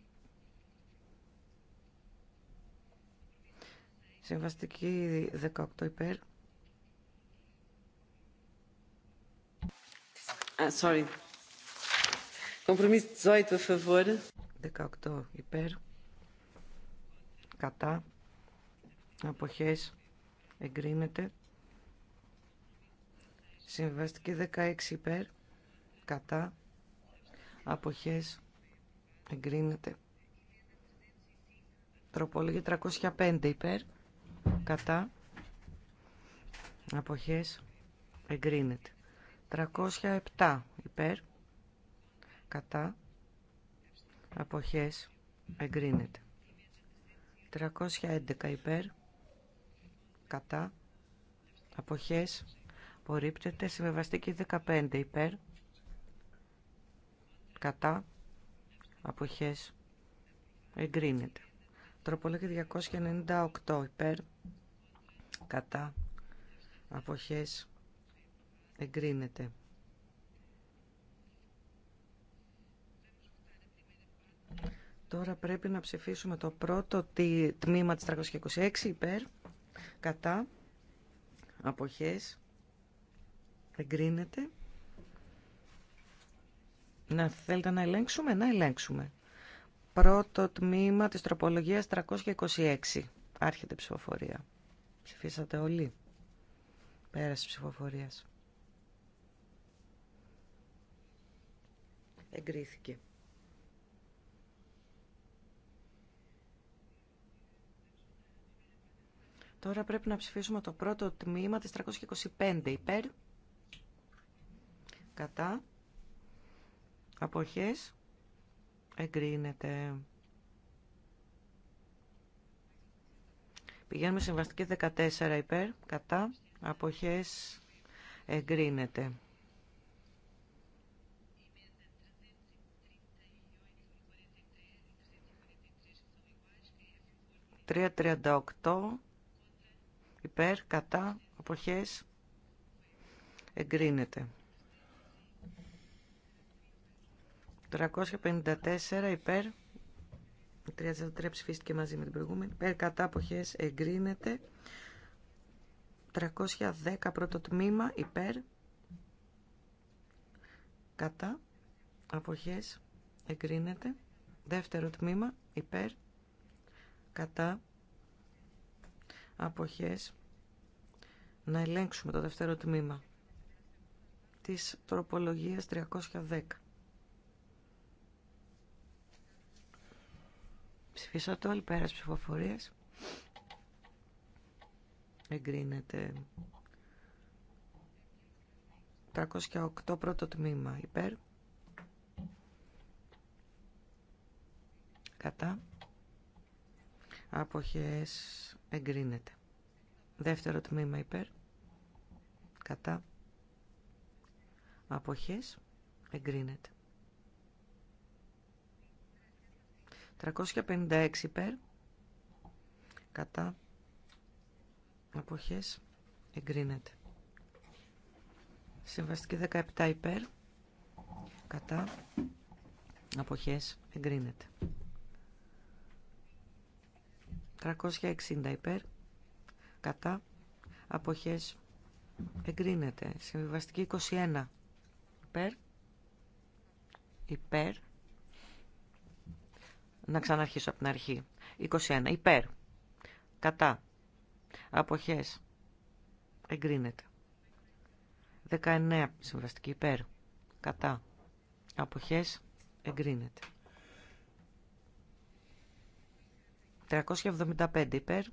Speaker 2: συμβαστική 18 υπέρ
Speaker 1: Ah, Compromisso 18 a
Speaker 2: 18 υπέρ. Κατά. Αποχές. Εγκρίνεται. Συμβαστική 16 υπέρ. Κατά. Αποχές. Εγκρίνεται. Τροπολογία 305 υπέρ. Κατά. Αποχές. Εγκρίνεται. 307 υπέρ κατά αποχές εγκρίνεται 311 υπέρ κατά αποχές απορρίπτεται συμβεβαστική 15 υπέρ κατά αποχές εγκρίνεται τροπολόγια 298 υπέρ κατά αποχές εγκρίνεται. Τώρα πρέπει να ψηφίσουμε το πρώτο τμήμα της 326 υπέρ, κατά, αποχές, εγκρίνεται. Να θέλετε να ελέγξουμε, να ελέγξουμε. Πρώτο τμήμα της τροπολογίας 326. Άρχεται ψηφοφορία. Ψηφίσατε όλοι. Πέραση ψηφοφορίας. εγκρίθηκε. Τώρα πρέπει να ψηφίσουμε το πρώτο τμήμα της 325 υπέρ, κατά, αποχές, εγκρίνεται. Πηγαίνουμε συμβαστική 14 υπέρ, κατά, αποχές, εγκρίνεται. 338 υπέρ, κατά, αποχές, εγκρίνεται. 354 υπέρ, 343 ψηφίστηκε μαζί με την προηγούμενη, υπέρ, κατά, αποχές, εγκρίνεται. 310 πρώτο τμήμα υπέρ, κατά, αποχές, εγκρίνεται. Δεύτερο τμήμα υπέρ, κατά αποχές να ελέγξουμε το δεύτερο τμήμα της τροπολογίας 310. Ψηφίσατε όλοι πέρας ψηφοφορίες Εγκρίνεται 308 πρώτο τμήμα υπέρ. Κατά αποχές εγκρίνεται. Δεύτερο τμήμα υπέρ, κατά, αποχές εγκρίνεται. 356 υπέρ, κατά, αποχές εγκρίνεται. Συμβαστική 17 υπέρ, κατά, αποχές εγκρίνεται. 360 υπέρ, κατά, αποχές, εγκρίνεται. Συμβιβαστική 21 υπέρ, υπέρ, να ξαναρχίσω από την αρχή. 21 υπέρ, κατά, αποχές, εγκρίνεται. 19 συμβαστική υπέρ, κατά, αποχές, εγκρίνεται. 375 υπέρ.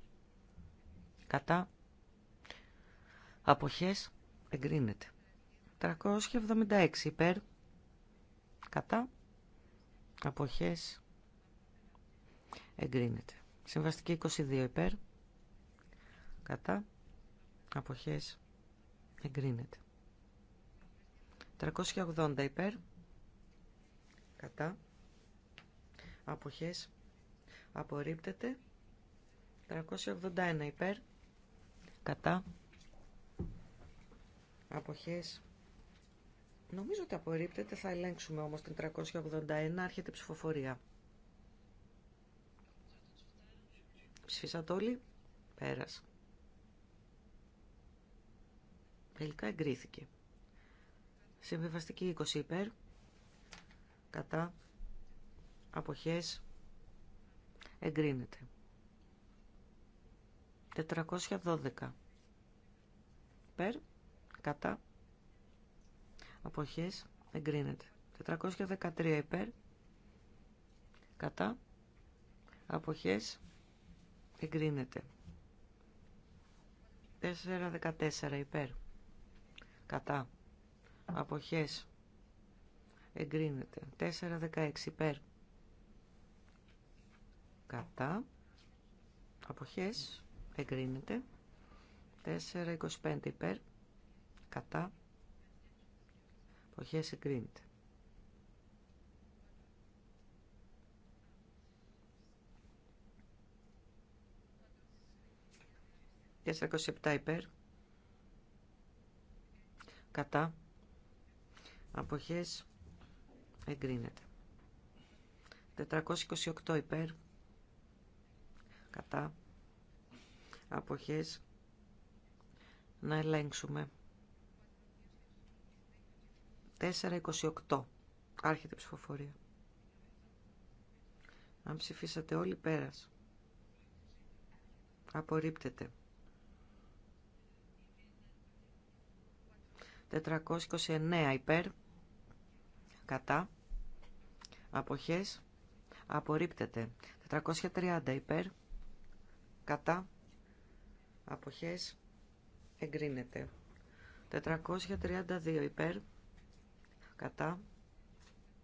Speaker 2: Κατά. Αποχές. Εγκρίνεται. 376 υπέρ. Κατά. Αποχές. Εγκρίνεται. Συμβαστική 22 υπέρ. Κατά. Αποχές. Εγκρίνεται. 380 υπέρ. Κατά. Αποχές απορρίπτεται 381 υπέρ κατά αποχές νομίζω ότι απορρίπτεται θα ελέγξουμε όμως την 381 άρχεται ψηφοφορία ψηφίσατε όλοι πέρας τελικά εγκρίθηκε συμβιβαστική 20 υπέρ κατά αποχές εγκρίνεται. 412 περ, κατά, αποχές, εγκρίνεται. 413 υπέρ, κατά, αποχές, εγκρίνεται. 414 υπέρ, κατά, αποχές, εγκρίνεται. 416 υπέρ, κατά αποχές εγκρίνεται 4.25 υπέρ κατά αποχές εγκρίνεται 427 υπέρ κατά αποχές εγκρίνεται 428 υπέρ κατά αποχές να ελέγξουμε 4.28 άρχεται η ψηφοφορία αν ψηφίσατε όλοι πέρας απορρίπτεται 429 υπέρ κατά αποχές απορρίπτεται 430 υπέρ κατά αποχές εγκρίνεται 432 υπέρ κατά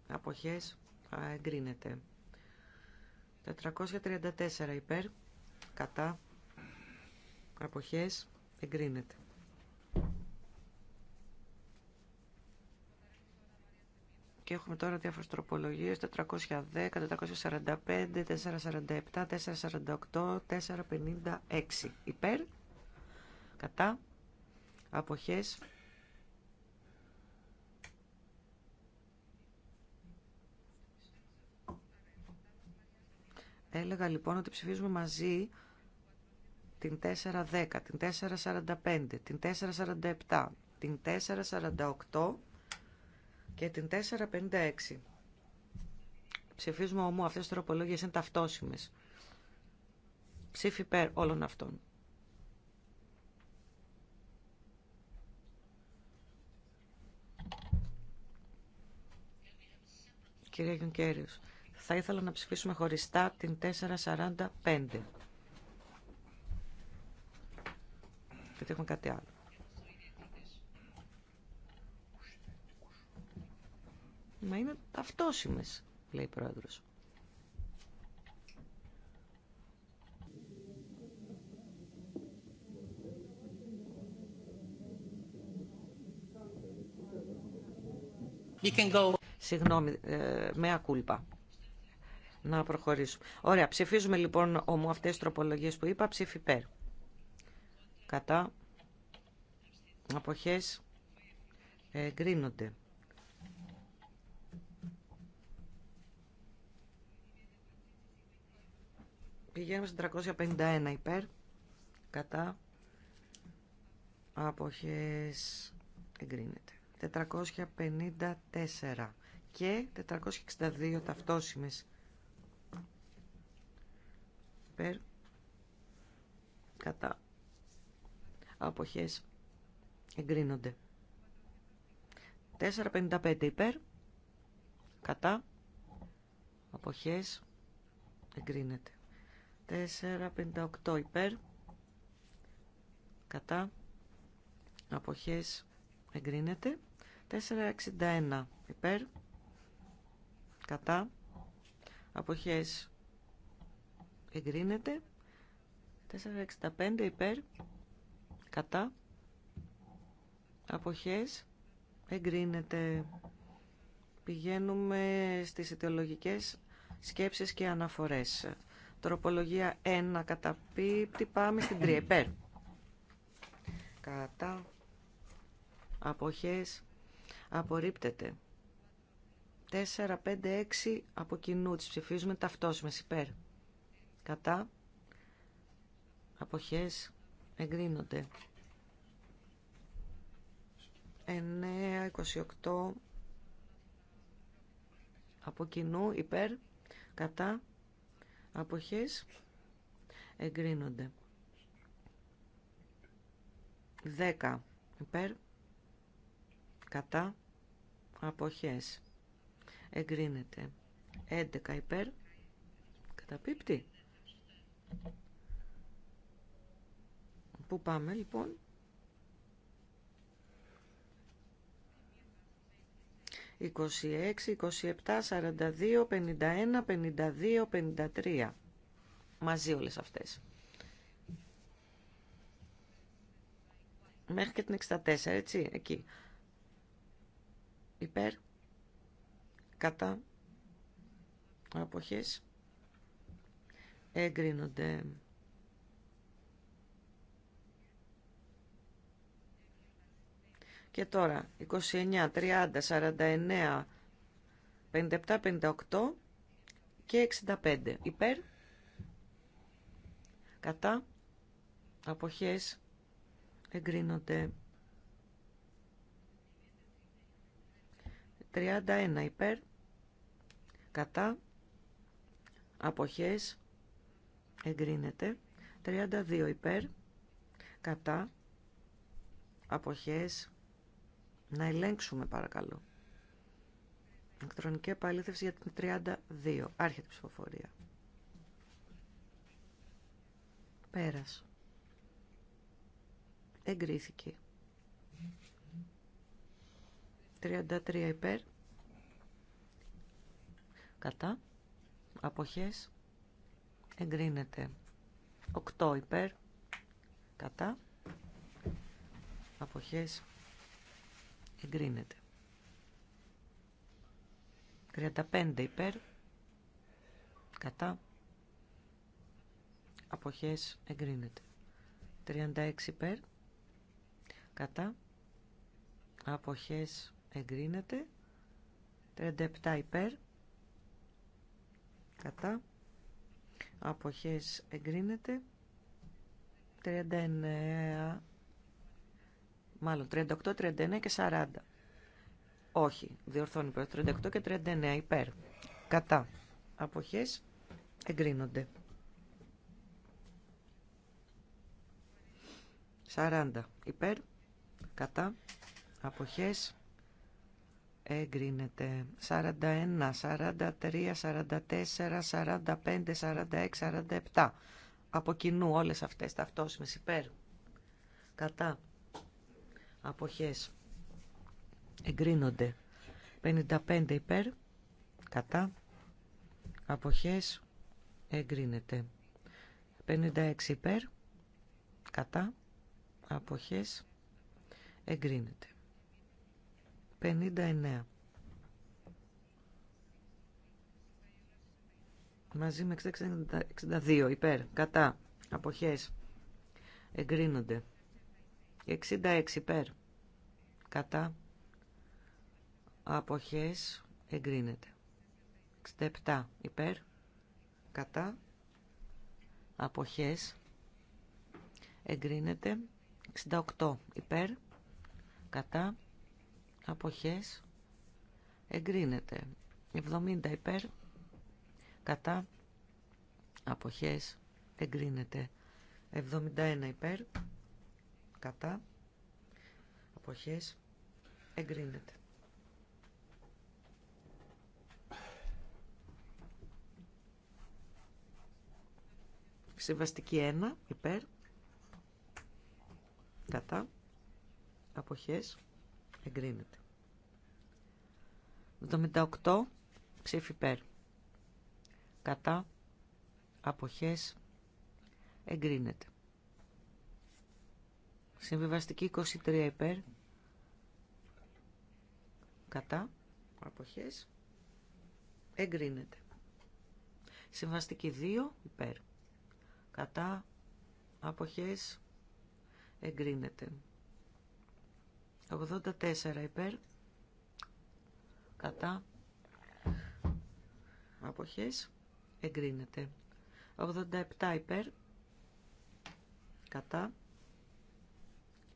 Speaker 2: αποχές εγκρίνεται 434 υπέρ κατά αποχές εγκρίνεται έχουμε τώρα διάφορες τροπολογίες 410, 445, 447, 448, 456. Υπέρ, κατά, αποχές. Έλεγα λοιπόν ότι ψηφίζουμε μαζί την 410, την 445, την 447, την 448 και την 456. Ψηφίζουμε ομού αυτές τις τροπολόγιες είναι ταυτόσιμες. Ψήφι υπέρ όλων αυτών. Κυρία Γιονκέριος, θα ήθελα να ψηφίσουμε χωριστά την 445. Γιατί έχουμε κάτι άλλο. να είναι ταυτόσιμες, λέει η Πρόεδρος. can go. Συγγνώμη, ε, με ακούλπα. Να προχωρήσουμε. Ωραία, ψηφίζουμε λοιπόν όμως, αυτές τις τροπολογίες που είπα, ψήφι Κατά. Αποχές γκρίνονται. Πηγαίνουμε σε 351 υπέρ. Κατά. Αποχές εγκρίνεται. 454 και 462 ταυτόσιμες υπέρ κατά αποχές εγκρίνονται 455 υπέρ κατά αποχές εγκρίνεται 4,58 υπέρ κατά αποχές εγκρίνεται 4,61 υπέρ κατά αποχές εγκρίνεται 4,65 υπέρ κατά αποχές εγκρίνεται πηγαίνουμε στις αιτιολογικές σκέψεις και αναφορές Τροπολογία 1 Κατά τι Πάμε στην 3. Υπέρ. Κατά. Αποχές. Απορρίπτεται. 4, 5, 6 από κοινού. Τις ψηφίζουμε ταυτόσιμες. Υπέρ. Κατά. Αποχές. Εγκρίνονται. 9, 28 από κοινού. Υπέρ. Κατά αποχές εγκρίνονται 10 υπέρ κατά αποχές εγκρίνεται 11 υπέρ καταπίπτει Πού πάμε λοιπόν 26, 27, 42, 51, 52, 53. Μαζί όλες αυτές. Μέχρι και την 64, έτσι, εκεί. Υπέρ, κατά, αποχές, εγκρίνονται. Και τώρα 29, 30, 49, 57, 58 και 65. Υπέρ. Κατά. Αποχές. Εγκρίνονται. 31 υπέρ. Κατά. Αποχές. Εγκρίνεται. 32 υπέρ. Κατά. Αποχές να ελέγξουμε παρακαλώ. Ηλεκτρονική επαλήθευση για την 32. Άρχεται η ψηφοφορία. Πέρας. Εγκρίθηκε. 33 υπέρ. Κατά. Αποχές. Εγκρίνεται. 8 υπέρ. Κατά. Αποχές εγκρίνεται. 35 υπέρ, κατά, αποχές εγκρίνεται. 36 υπέρ, κατά, αποχές εγκρίνεται. 37 υπέρ, κατά, αποχές εγκρίνεται. 39 Μάλλον 38, 39 και 40. Όχι, διορθώνει πρώτα. 38 και 39 υπέρ. Κατά. Αποχές εγκρίνονται. 40 υπέρ. Κατά. Αποχές εγκρίνεται. 41, 43, 44, 45, 46, 47. Από κοινού όλες αυτές ταυτόσιμες υπέρ. Κατά αποχές εγκρίνονται 55 υπέρ κατά αποχές εγκρίνεται 56 υπέρ κατά αποχές εγκρίνεται 59 μαζί με 62 υπέρ κατά αποχές εγκρίνονται 66 υπέρ. Κατά. Αποχές εγκρίνεται. 67 υπέρ. Κατά. Αποχές εγκρίνεται. 68 υπέρ. Κατά. Αποχές εγκρίνεται. 70 υπέρ. Κατά. Αποχές εγκρίνεται. 71 υπέρ κατά αποχές εγκρίνεται. Συμβαστική 1 υπέρ κατά αποχές εγκρίνεται. 78 ψήφι υπέρ κατά αποχές εγκρίνεται. Συμβιβαστική 23 υπέρ. Κατά. Αποχές. Εγκρίνεται. Συμβαστική 2 υπέρ. Κατά. Αποχές. Εγκρίνεται. 84 υπέρ. Κατά. Αποχές. Εγκρίνεται. 87 υπέρ. Κατά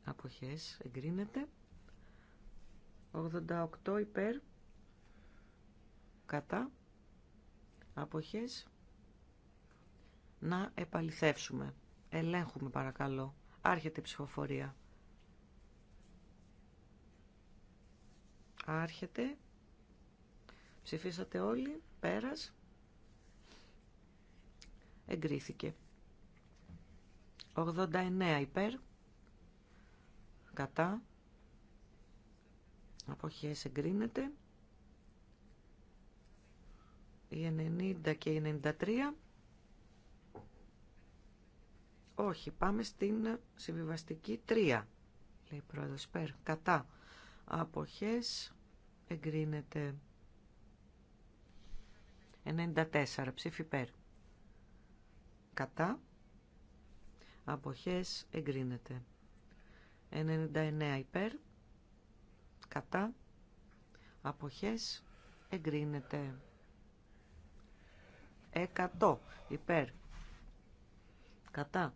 Speaker 2: αποχές εγκρίνεται 88 υπέρ κατά αποχές να επαληθεύσουμε ελέγχουμε παρακαλώ άρχεται η ψηφοφορία άρχεται ψηφίσατε όλοι πέρας εγκρίθηκε 89 υπέρ κατά αποχές εγκρίνεται η 90 και η 93 όχι πάμε στην συμβιβαστική 3 λέει πρόεδρος κατά αποχές εγκρίνεται 94 ψήφι Περ κατά αποχές εγκρίνεται 99 υπέρ, κατά, αποχές, εγκρίνεται. 100 υπέρ, κατά,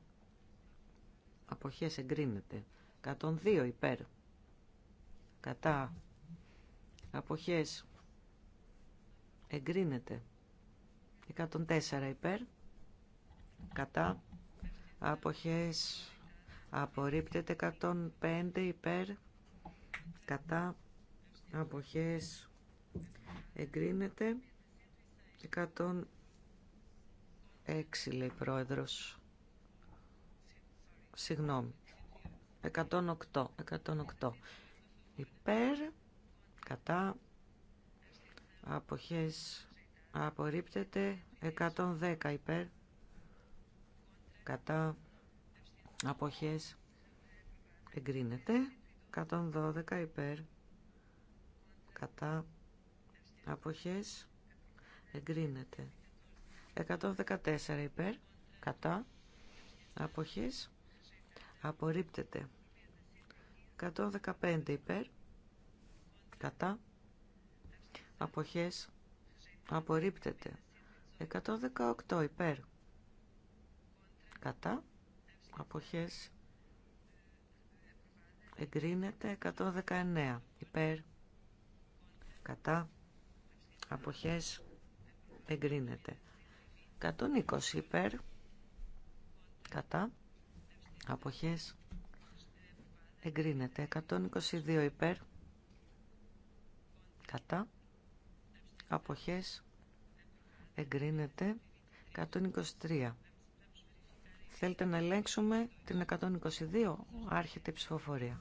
Speaker 2: αποχές, εγκρίνεται. 102 υπέρ, κατά, αποχές, εγκρίνεται. 104 υπέρ, κατά, αποχές, απορρίπτεται 105 υπέρ κατά αποχές εγκρίνεται 106 λέει πρόεδρος συγγνώμη 108 108 υπέρ κατά αποχές απορρίπτεται 110 υπέρ κατά αποχές εγκρίνεται 112 υπέρ κατά αποχές εγκρίνεται 114 υπέρ κατά αποχές απορρίπτεται 115 υπέρ κατά αποχές απορρίπτεται 118 υπέρ κατά αποχές εγκρίνεται 119 υπέρ κατά αποχές εγκρίνεται 120 υπέρ κατά αποχές εγκρίνεται 122 υπέρ κατά αποχές εγκρίνεται 123 Θέλετε να ελέγξουμε την 122, άρχεται η ψηφοφορία.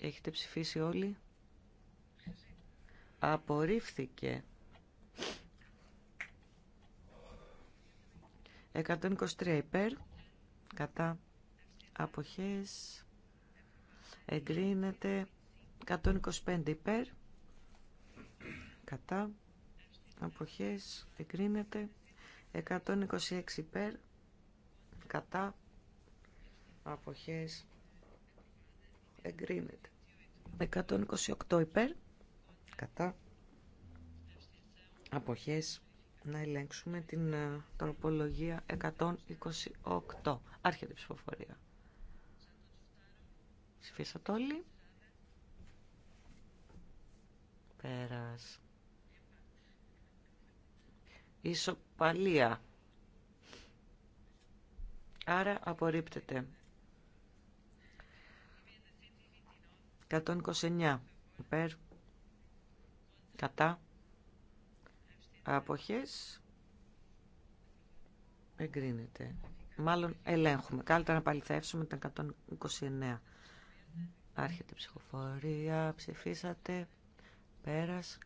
Speaker 2: Έχετε ψηφίσει όλοι. Απορρίφθηκε. 123 υπέρ, κατά αποχές, εγκρίνεται 125 υπέρ, κατά αποχές εγκρίνεται 126 υπέρ κατά αποχές εγκρίνεται 128 υπέρ κατά αποχές να ελέγξουμε την ε, τροπολογία 128 άρχεται η ψηφοφορία σφίσα όλοι πέρας ισοπαλία. Άρα απορρίπτεται. 129 υπέρ κατά αποχές εγκρίνεται. Μάλλον ελέγχουμε. Καλύτερα να παληθεύσουμε τα 129. Άρχεται η ψηφοφορία. Ψηφίσατε. Πέρας.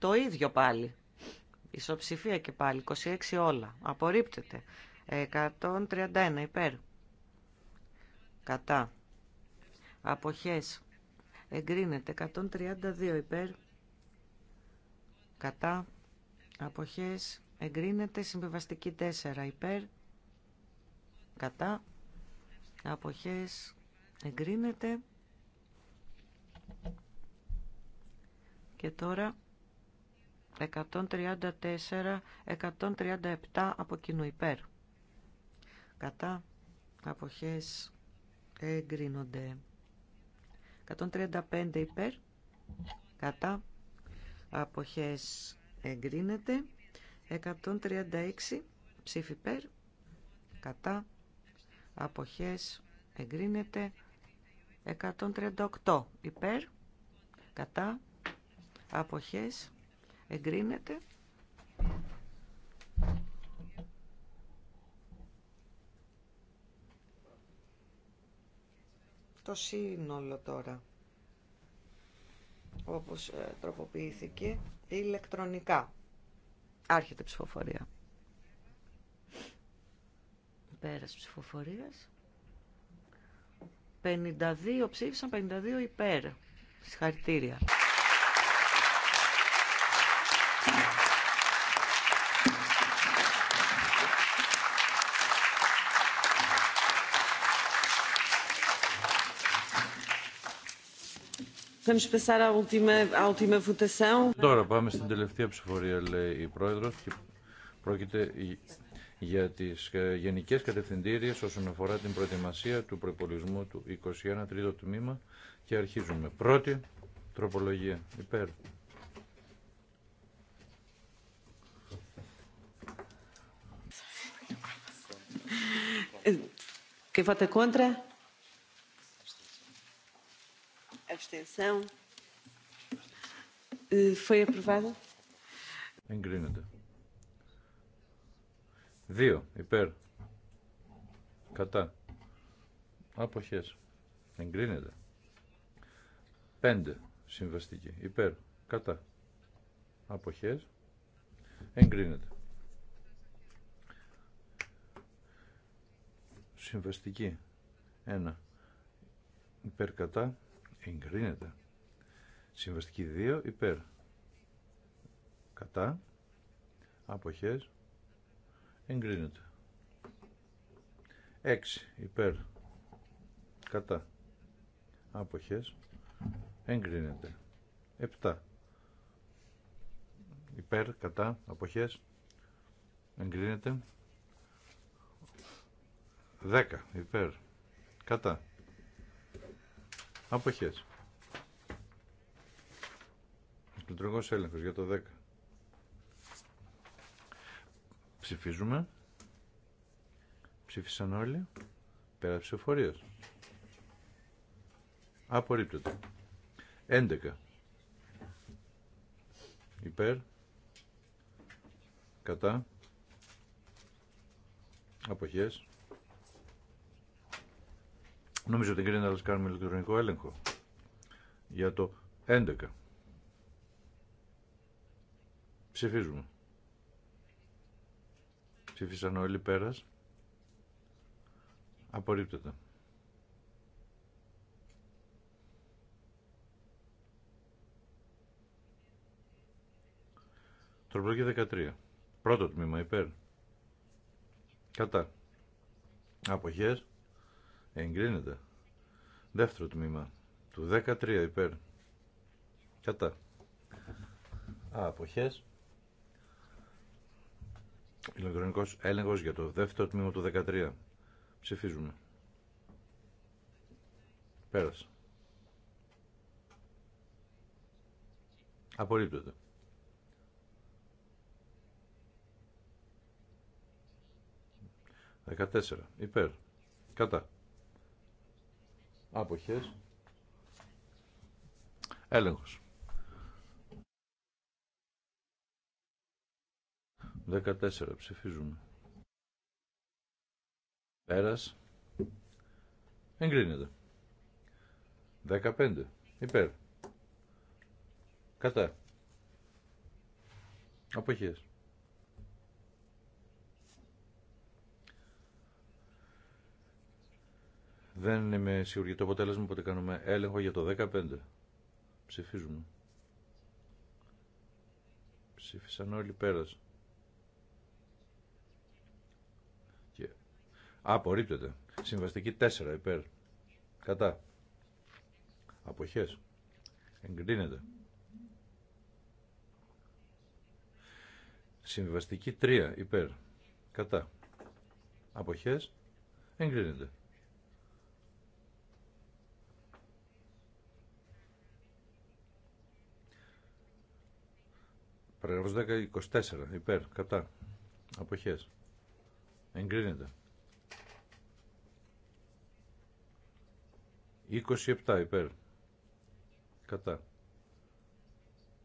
Speaker 2: Το ίδιο πάλι. Ισοψηφία και πάλι. 26 όλα. Απορρίπτεται. 131 υπέρ. Κατά. Αποχές. Εγκρίνεται. 132 υπέρ. Κατά. Αποχές. Εγκρίνεται. Συμβιβαστική 4 υπέρ. Κατά. Αποχές. Εγκρίνεται. Και τώρα 134, 137 από κοινού υπέρ. Κατά αποχές εγκρίνονται. 135 υπέρ. Κατά αποχές εγκρίνεται. 136 ψήφι υπέρ. Κατά αποχές εγκρίνεται. 138 υπέρ. Κατά αποχές εγκρίνεται. Το σύνολο τώρα, όπως ε, τροποποιήθηκε, ηλεκτρονικά. Άρχεται ψηφοφορία. Πέρας ψηφοφορίας. 52 ψήφισαν, 52 υπέρ. Συγχαρητήρια.
Speaker 4: Τώρα πάμε στην τελευταία ψηφορία, λέει η Πρόεδρος, πρόκειται για τις ε, γενικές κατευθυντήριες όσον αφορά την προετοιμασία του προϋπολισμού του 21 τρίτο τμήμα και αρχίζουμε. Πρώτη τροπολογία, υπέρ.
Speaker 1: Ε, και βάτε κόντρα. Abstenção. Eh, foi
Speaker 4: Εγκρίνεται. Δύο. Υπέρ. Κατά. Αποχές. Εγκρίνεται. Πέντε. Συμβαστική. Υπέρ. Κατά. Αποχές. Εγκρίνεται. Συμβαστική. Ένα. Υπέρ κατά εγκρίνεται. Συμβαστική 2 υπέρ. Κατά. Αποχές. Εγκρίνεται. 6 υπέρ. Κατά. Αποχές. Εγκρίνεται. 7 υπέρ. Κατά. Αποχές. Εγκρίνεται. 10 υπέρ. Κατά. Αποχές. Λειτουργός έλεγχος για το 10. Ψηφίζουμε. Ψήφισαν όλοι. Πέρα ψηφορίας. Απορρίπτεται. 11. Υπέρ. Κατά. Αποχές. Νομίζω ότι κρίνεται να κάνουμε ηλεκτρονικό έλεγχο για το 11. Ψηφίζουμε. Ψήφισαν όλοι πέρας. Απορρίπτεται. Τροπολογία 13. Πρώτο τμήμα υπέρ. Κατά. Αποχές. Εγκρίνεται. Δεύτερο τμήμα. Του 13 υπέρ. Κατά. Α, αποχές. Ηλεκτρονικός έλεγχος για το δεύτερο τμήμα του 13. Ψηφίζουμε. Πέρασε. Απορρίπτεται. Δεκατέσσερα. Υπέρ. Κατά. Αποχές. Έλεγχος. 14 ψηφίζουμε. Πέρας. Εγκρίνεται. 15. Υπέρ. Κατά. Αποχές. Δεν είμαι σίγουρη το αποτέλεσμα, οπότε κάνουμε έλεγχο για το 15. Ψηφίζουμε. Ψήφισαν όλοι πέρασε. Και... Απορρίπτεται. Συμβαστική 4 υπέρ. Κατά. Αποχές. Εγκρίνεται. Συμβαστική 3 υπέρ. Κατά. Αποχές. Εγκρίνεται. Παραγραφός 10, 24. Υπέρ, κατά. Αποχές. Εγκρίνεται. 27 υπέρ. Κατά.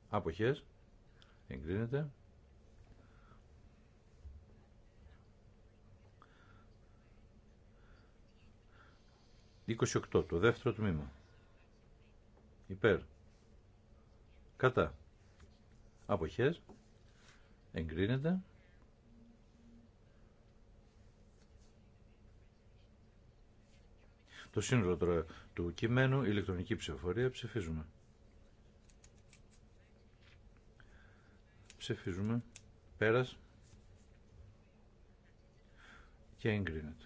Speaker 4: Αποχές. Εγκρίνεται. 28. Το δεύτερο τμήμα. Υπέρ. Κατά. Αποχές. Εγκρίνεται. Το σύνολο τώρα του κειμένου, ηλεκτρονική ψηφοφορία, ψηφίζουμε. Ψηφίζουμε. Πέρας. Και εγκρίνεται.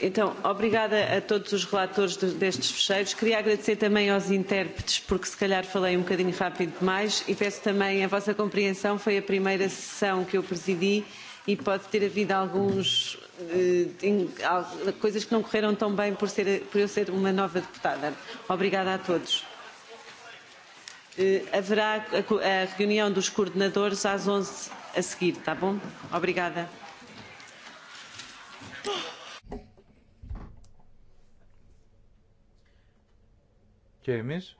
Speaker 1: Então, obrigada a todos os relatores destes fecheiros. Queria agradecer também aos intérpretes, porque se calhar falei um bocadinho rápido demais, e peço também a vossa compreensão. Foi a primeira sessão que eu presidi e pode ter havido alguns coisas que não correram tão bem por, ser, por eu ser uma nova deputada. Obrigada a todos. Haverá a reunião dos coordenadores às 11 a seguir, tá bom? Obrigada.
Speaker 4: και εμείς